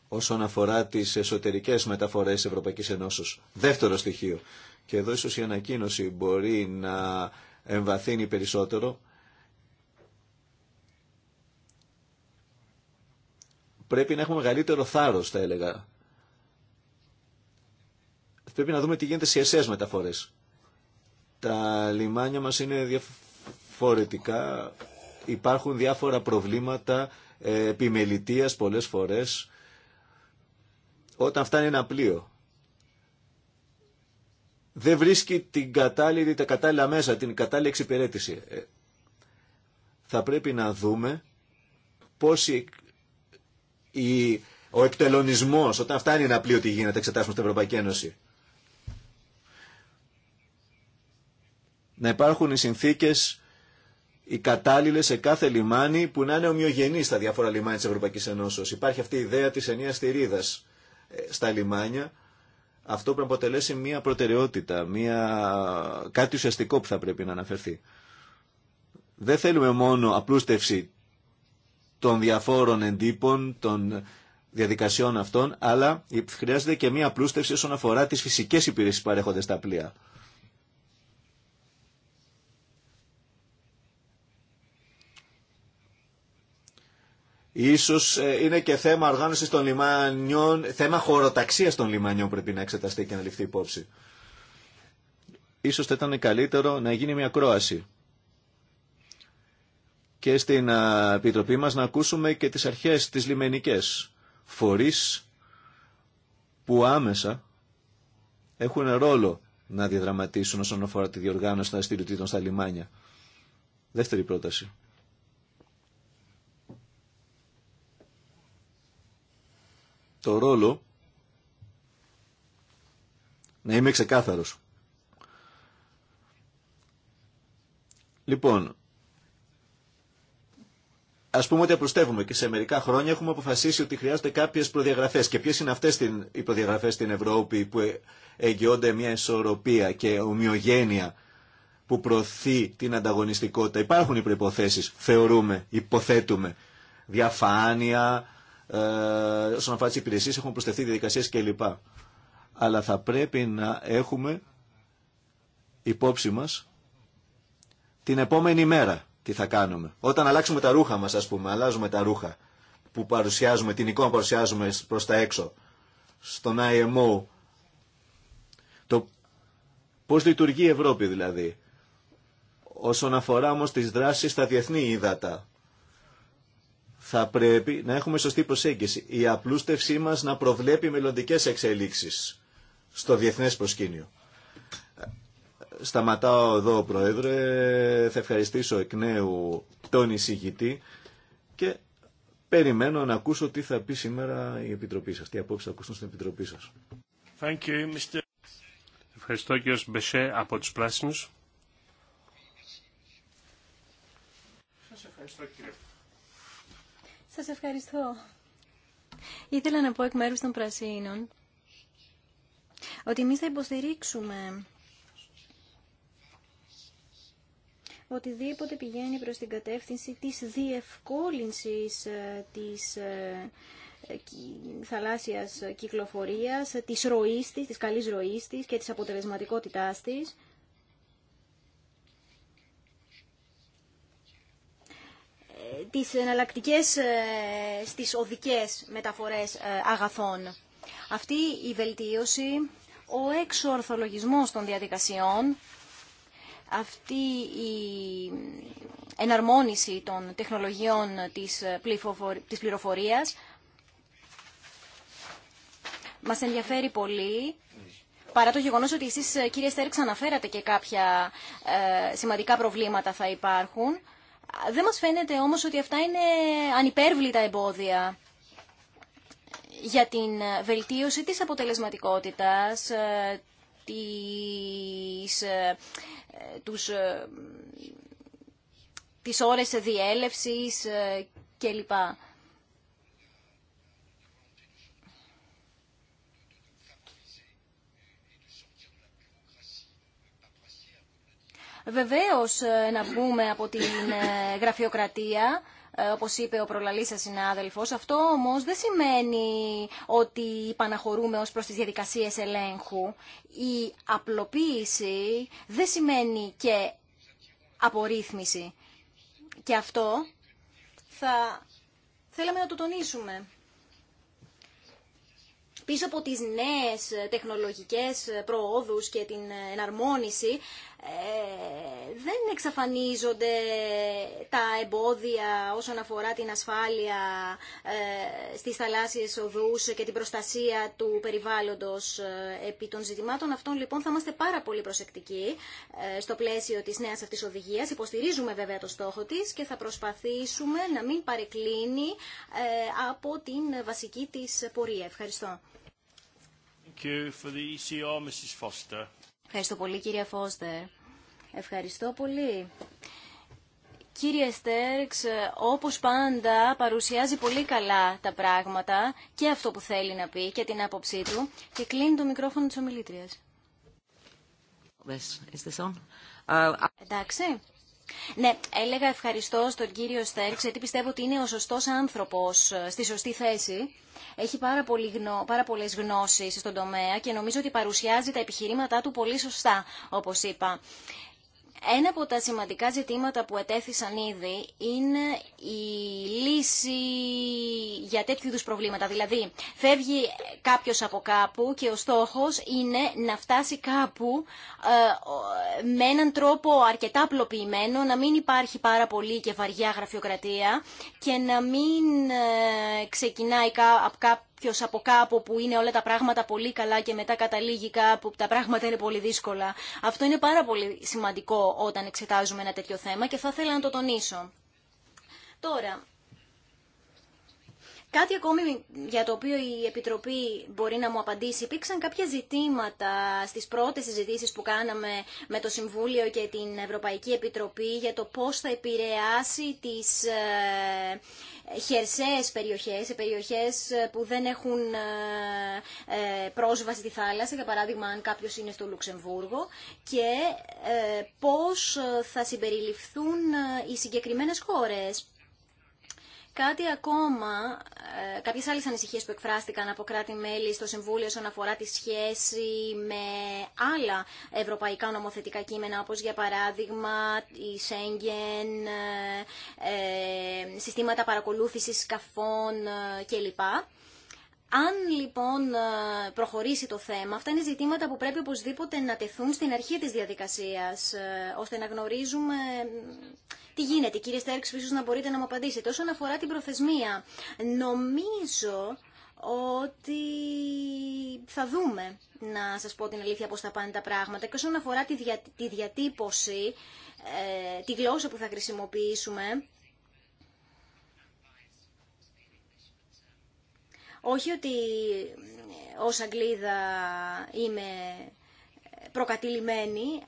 όσον αφορά τι εσωτερικέ μεταφορέ Ευρωπαϊκή Ευρωπαϊκής Δεύτερο στοιχείο. Και εδώ ίσως η ανακοίνωση μπορεί να εμβαθύνει περισσότερο. Πρέπει να έχουμε μεγαλύτερο θάρρος, θα έλεγα. Πρέπει να δούμε τι γίνεται σε εσές μεταφορές. Τα λιμάνια μας είναι διαφορετικά. Υπάρχουν διάφορα προβλήματα ε, επιμελητίας πολλές φορές όταν φτάνει ένα πλοίο δεν βρίσκει την κατάλληλη, τα κατάλληλα μέσα, την κατάλληλη εξυπηρέτηση. Ε, θα πρέπει να δούμε πώς η, ο εκτελονισμός, όταν φτάνει ένα πλοίο τι γίνεται, εξετάσουμε στην Ευρωπαϊκή Ένωση. Να υπάρχουν οι συνθήκες οι κατάλληλε σε κάθε λιμάνι που να είναι ομοιογενεί στα διάφορα λιμάνια τη Ευρωπαϊκή Ενώσεω. Υπάρχει αυτή η ιδέα τη ενία στηρίδα στα λιμάνια, αυτό πρέπει να αποτελέσει μια προτεραιότητα, μια... κάτι ουσιαστικό που θα πρέπει να αναφερθεί. Δεν θέλουμε μόνο απλούστευση των διαφόρων εντύπων, των διαδικασιών αυτών, αλλά χρειάζεται και μια απλούστευση όσον αφορά τις φυσικές υπηρεσίες που παρέχονται στα πλοία. Ίσως ε, είναι και θέμα οργάνωσης των λιμάνιων, θέμα χωροταξίας των λιμάνιων πρέπει να εξεταστεί και να ληφθεί υπόψη. Ίσως θα ήταν καλύτερο να γίνει μια κρόαση και στην Επιτροπή μας να ακούσουμε και τις αρχές τις λιμενικές φορείς που άμεσα έχουν ρόλο να διαδραματίσουν όσον αφορά τη διοργάνωση των αστηριοτήτων στα λιμάνια. Δεύτερη πρόταση. το ρόλο να είμαι ξεκάθαρος. Λοιπόν, ας πούμε ότι απλουστεύουμε και σε μερικά χρόνια έχουμε αποφασίσει ότι χρειάζονται κάποιες προδιαγραφές. Και ποιες είναι αυτές οι προδιαγραφέ στην Ευρώπη που εγγυώνται μια ισορροπία και ομοιογένεια που προωθεί την ανταγωνιστικότητα. Υπάρχουν οι προϋποθέσεις, θεωρούμε, υποθέτουμε. Διαφάνεια, ε, όσον αφορά τι υπηρεσίε, έχουν προσθεθεί διαδικασίε κλπ. Αλλά θα πρέπει να έχουμε υπόψη μα την επόμενη μέρα τι θα κάνουμε. Όταν αλλάξουμε τα ρούχα μα, α πούμε, αλλάζουμε τα ρούχα που παρουσιάζουμε, την εικόνα που παρουσιάζουμε προ τα έξω, στον IMO. Το πώ λειτουργεί η Ευρώπη δηλαδή. Όσον αφορά όμω τι δράσει στα διεθνή ύδατα, θα πρέπει να έχουμε σωστή προσέγγιση. Η απλούστευσή μας να προβλέπει μελλοντικέ εξελίξεις στο διεθνέ προσκήνιο. Σταματάω εδώ, Πρόεδρε. Θα ευχαριστήσω εκ νέου τον εισηγητή και περιμένω να ακούσω τι θα πει σήμερα η Επιτροπή σας, τι απόψει θα ακούσουν στην Επιτροπή σας. Ευχαριστώ κύριο Μπεσέ από τους Πράσινους. Σας ευχαριστώ κύριε. Σας ευχαριστώ. Ήθελα να πω εκ μέρους των Πρασίνων ότι εμείς θα υποστηρίξουμε οτιδήποτε πηγαίνει προς την κατεύθυνση της διευκόλυνσης ε, της ε, ε, θαλάσσιας κυκλοφορίας, της ροής της, της καλής ροής της και της αποτελεσματικότητάς της. τις εναλλακτικές ε, στις οδικές μεταφορές ε, αγαθών. Αυτή η βελτίωση, ο έξω ορθολογισμός των διαδικασιών, αυτή η εναρμόνιση των τεχνολογιών ε, της πληροφορίας μας ενδιαφέρει πολύ παρά το γεγονός ότι εσείς κύριε Στέρξ αναφέρατε και κάποια σημαντικά προβλήματα θα υπάρχουν δεν μας φαίνεται όμως ότι αυτά είναι ανυπέρβλητα εμπόδια για την βελτίωση της αποτελεσματικότητας, ε, της, ε, τους, ε, τις ώρες διέλευσης κλπ. βεβαίως ε, να πούμε από την ε, γραφειοκρατία ε, όπως είπε ο προλαλής σας συνάδελφος, αυτό όμως δεν σημαίνει ότι παναχωρούμε ως προς τις διαδικασίες ελέγχου. Η απλοποίηση δεν σημαίνει και απορρίθμιση. Και αυτό θα θέλαμε να το τονίσουμε. Πίσω από τις νέες τεχνολογικές προόδους και την εναρμόνιση ε, δεν εξαφανίζονται τα εμπόδια όσον αφορά την ασφάλεια ε, στις θαλάσσιες οδούς και την προστασία του περιβάλλοντος ε, επί των ζητημάτων αυτών. Λοιπόν, θα είμαστε πάρα πολύ προσεκτικοί στο πλαίσιο της νέας αυτής οδηγίας. Υποστηρίζουμε βέβαια το στόχο της και θα προσπαθήσουμε να μην παρεκκλίνει από την βασική της πορεία. Ευχαριστώ. Thank for the ECR, Mrs. Foster. Ευχαριστώ πολύ κυρία Φώστερ. Ευχαριστώ πολύ. Κύριε Στέρξ, όπως πάντα παρουσιάζει πολύ καλά τα πράγματα και αυτό που θέλει να πει και την άποψή του και κλείνει το μικρόφωνο της ομιλήτριας. Εντάξει. Ναι, έλεγα ευχαριστώ στον κύριο Στέρξ, γιατί πιστεύω ότι είναι ο σωστός άνθρωπος ε, στη σωστή θέση. Έχει πάρα, πολύ γνω, πολλές γνώσεις στον τομέα και νομίζω ότι παρουσιάζει τα επιχειρήματά του πολύ σωστά, όπως είπα. Ένα από τα σημαντικά ζητήματα που ετέθησαν ήδη είναι η λύση για τέτοιου είδου προβλήματα. Δηλαδή, φεύγει κάποιο από κάπου και ο στόχος είναι να φτάσει κάπου ε, με έναν τρόπο αρκετά απλοποιημένο, να μην υπάρχει πάρα πολύ και βαριά γραφειοκρατία και να μην ε, ξεκινάει από κάποιο από κάπου που είναι όλα τα πράγματα πολύ καλά και μετά καταλήγει κάπου που τα πράγματα είναι πολύ δύσκολα. Αυτό είναι πάρα πολύ σημαντικό όταν εξετάζουμε ένα τέτοιο θέμα και θα ήθελα να το τονίσω. Τώρα, Κάτι ακόμη για το οποίο η Επιτροπή μπορεί να μου απαντήσει. Υπήρξαν κάποια ζητήματα στις πρώτες συζητήσεις που κάναμε με το Συμβούλιο και την Ευρωπαϊκή Επιτροπή για το πώς θα επηρεάσει τις ε, χερσαίες περιοχές, σε περιοχές που δεν έχουν ε, ε, πρόσβαση στη θάλασσα, για παράδειγμα αν κάποιος είναι στο Λουξεμβούργο, και πώς θα συμπεριληφθούν οι συγκεκριμένες χώρες Κάτι ακόμα, ε, κάποιες άλλες ανησυχίες που εκφράστηκαν από κράτη-μέλη στο Συμβούλιο όσον αφορά τη σχέση με άλλα ευρωπαϊκά νομοθετικά κείμενα, όπως για παράδειγμα η Σέγγεν, ε, ε, συστήματα παρακολούθησης σκαφών κλπ. Αν λοιπόν ε, προχωρήσει το θέμα, αυτά είναι ζητήματα που πρέπει οπωσδήποτε να τεθούν στην αρχή της διαδικασίας, ε, ώστε να γνωρίζουμε τι γίνεται. Κύριε Στέρξ, ίσως να μπορείτε να μου απαντήσετε. Όσον αφορά την προθεσμία, νομίζω ότι θα δούμε, να σας πω την αλήθεια, πώς θα πάνε τα πράγματα. Και όσον αφορά τη, τη διατύπωση, ε, τη γλώσσα που θα χρησιμοποιήσουμε, Όχι ότι ως Αγγλίδα είμαι προκατηλημένη,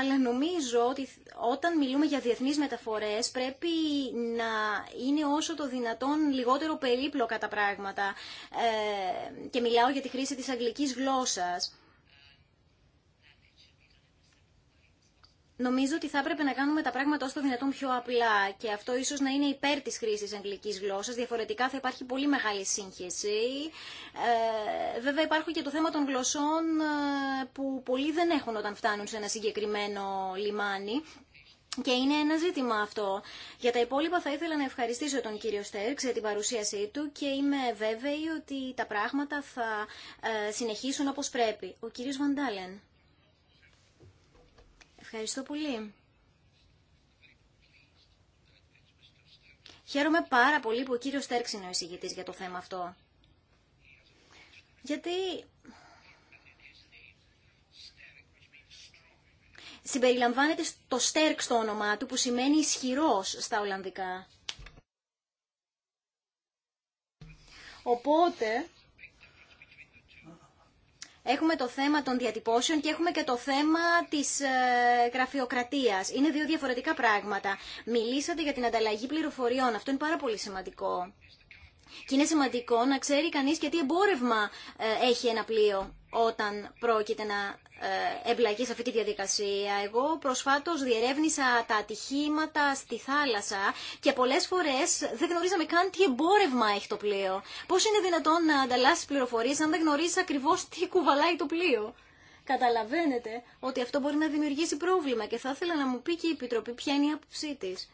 αλλά νομίζω ότι όταν μιλούμε για διεθνείς μεταφορές πρέπει να είναι όσο το δυνατόν λιγότερο περίπλοκα τα πράγματα ε, και μιλάω για τη χρήση της αγγλικής γλώσσας. Νομίζω ότι θα έπρεπε να κάνουμε τα πράγματα όσο το δυνατόν πιο απλά και αυτό ίσω να είναι υπέρ τη χρήση αγγλική γλώσσα. Διαφορετικά θα υπάρχει πολύ μεγάλη σύγχυση. Ε, βέβαια υπάρχει και το θέμα των γλωσσών ε, που πολλοί δεν έχουν όταν φτάνουν σε ένα συγκεκριμένο λιμάνι. Και είναι ένα ζήτημα αυτό. Για τα υπόλοιπα θα ήθελα να ευχαριστήσω τον κύριο Στέρξ για την παρουσίασή του και είμαι βέβαιη ότι τα πράγματα θα ε, συνεχίσουν όπως πρέπει. Ο κύριος Βαντάλεν. Ευχαριστώ πολύ. Χαίρομαι πάρα πολύ που ο κύριος Στέρξ είναι ο εισηγητής για το θέμα αυτό. Γιατί συμπεριλαμβάνεται το Στέρξ το όνομά του που σημαίνει ισχυρός στα Ολλανδικά. Οπότε Έχουμε το θέμα των διατυπώσεων και έχουμε και το θέμα της ε, γραφειοκρατίας. Είναι δύο διαφορετικά πράγματα. Μιλήσατε για την ανταλλαγή πληροφοριών. Αυτό είναι πάρα πολύ σημαντικό. Και είναι σημαντικό να ξέρει κανείς και τι εμπόρευμα ε, έχει ένα πλοίο όταν πρόκειται να ε, εμπλακεί σε αυτή τη διαδικασία. Εγώ προσφάτως διερεύνησα τα ατυχήματα στη θάλασσα και πολλές φορές δεν γνωρίζαμε καν τι εμπόρευμα έχει το πλοίο. Πώς είναι δυνατόν να ανταλλάσσει πληροφορίες αν δεν γνωρίζεις ακριβώς τι κουβαλάει το πλοίο. Καταλαβαίνετε ότι αυτό μπορεί να δημιουργήσει πρόβλημα και θα ήθελα να μου πει και η Επιτροπή ποια είναι η άποψή της.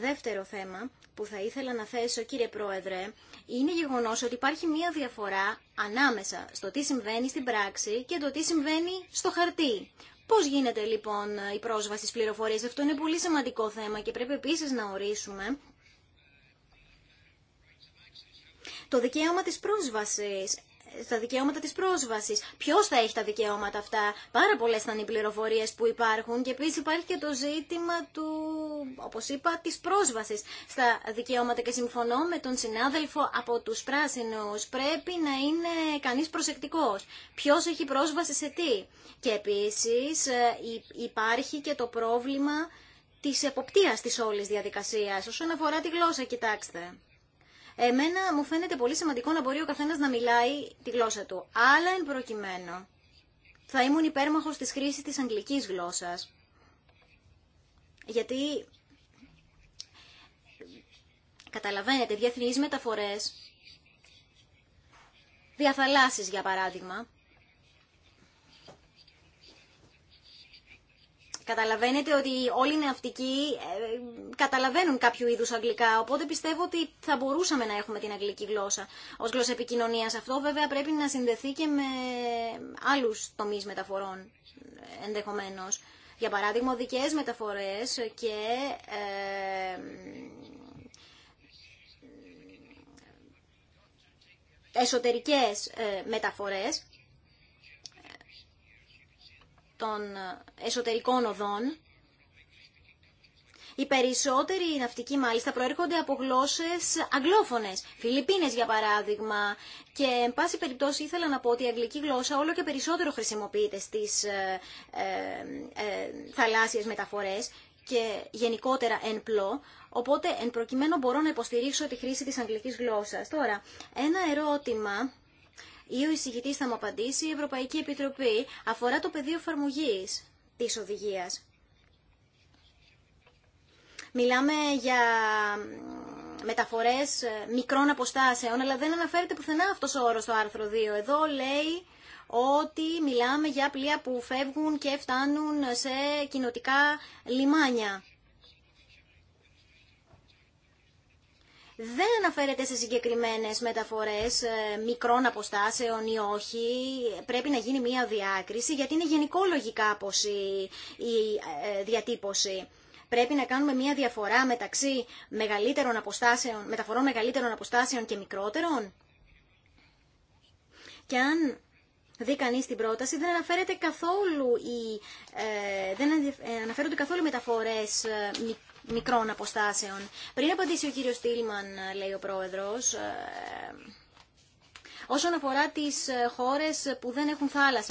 Δεύτερο θέμα που θα ήθελα να θέσω, κύριε Πρόεδρε, είναι γεγονός ότι υπάρχει μία διαφορά ανάμεσα στο τι συμβαίνει στην πράξη και το τι συμβαίνει στο χαρτί. Πώς γίνεται λοιπόν η πρόσβαση στις πληροφορίες, αυτό είναι πολύ σημαντικό θέμα και πρέπει επίσης να ορίσουμε το δικαίωμα της πρόσβασης στα δικαιώματα της πρόσβασης. Ποιος θα έχει τα δικαιώματα αυτά. Πάρα πολλές ήταν οι πληροφορίες που υπάρχουν και επίσης υπάρχει και το ζήτημα του, όπως είπα, της πρόσβασης στα δικαιώματα και συμφωνώ με τον συνάδελφο από τους πράσινους. Πρέπει να είναι κανείς προσεκτικός. Ποιος έχει πρόσβαση σε τι. Και επίσης ε, υπάρχει και το πρόβλημα της εποπτείας της όλης διαδικασίας. Όσον αφορά τη γλώσσα, κοιτάξτε. Εμένα μου φαίνεται πολύ σημαντικό να μπορεί ο καθένα να μιλάει τη γλώσσα του. Αλλά εν προκειμένου θα ήμουν υπέρμαχο τη χρήση της αγγλικής γλώσσας. Γιατί, καταλαβαίνετε, διεθνεί μεταφορές, διαθαλάσσεις για παράδειγμα, Καταλαβαίνετε ότι όλοι οι ναυτικοί ε, καταλαβαίνουν κάποιο είδους αγγλικά, οπότε πιστεύω ότι θα μπορούσαμε να έχουμε την αγγλική γλώσσα ως γλώσσα επικοινωνία Αυτό βέβαια πρέπει να συνδεθεί και με άλλου τομεί μεταφορών ε, ενδεχομένως. Για παράδειγμα, οδικές μεταφορές και ε, εσωτερικές ε, μεταφορές των ε, εσωτερικών οδών. Οι περισσότεροι ναυτικοί μάλιστα προέρχονται από γλώσσες αγγλόφωνες, Φιλιππίνες για παράδειγμα. Και εν πάση περιπτώσει ήθελα να πω ότι η αγγλική γλώσσα όλο και περισσότερο χρησιμοποιείται στις ε, ε, ε θαλάσσιες μεταφορές και γενικότερα εν πλώ, οπότε εν προκειμένου μπορώ να υποστηρίξω τη χρήση της αγγλικής γλώσσας. Τώρα, ένα ερώτημα ή ο εισηγητή θα μου απαντήσει η Ευρωπαϊκή Επιτροπή αφορά το πεδίο εφαρμογή τη οδηγία. Μιλάμε για μεταφορές ε, μικρών αποστάσεων, αλλά δεν αναφέρεται πουθενά αυτός ο όρος στο άρθρο 2. Εδώ λέει ότι μιλάμε για πλοία που φεύγουν και φτάνουν σε κοινοτικά λιμάνια. δεν αναφέρεται σε συγκεκριμένες μεταφορές ε, μικρών αποστάσεων ή όχι. Πρέπει να γίνει μία διάκριση γιατί είναι γενικόλογη κάπως η ε, διατύπωση. Πρέπει να κάνουμε μία γενικολογικα λογικα μεταξύ μεγαλύτερων αποστάσεων, μεταφορών μεγαλύτερων αποστάσεων και μικρότερων. Και αν δει κανείς την πρόταση, δεν, αναφέρεται καθόλου η, ε, δεν ε, αναφέρονται καθόλου μεταφορές μικρών αποστάσεων. Πριν απαντήσει ο κύριος Τίλμαν, λέει ο πρόεδρος, ε, όσον αφορά τις ε, χώρες που δεν έχουν θάλασσα.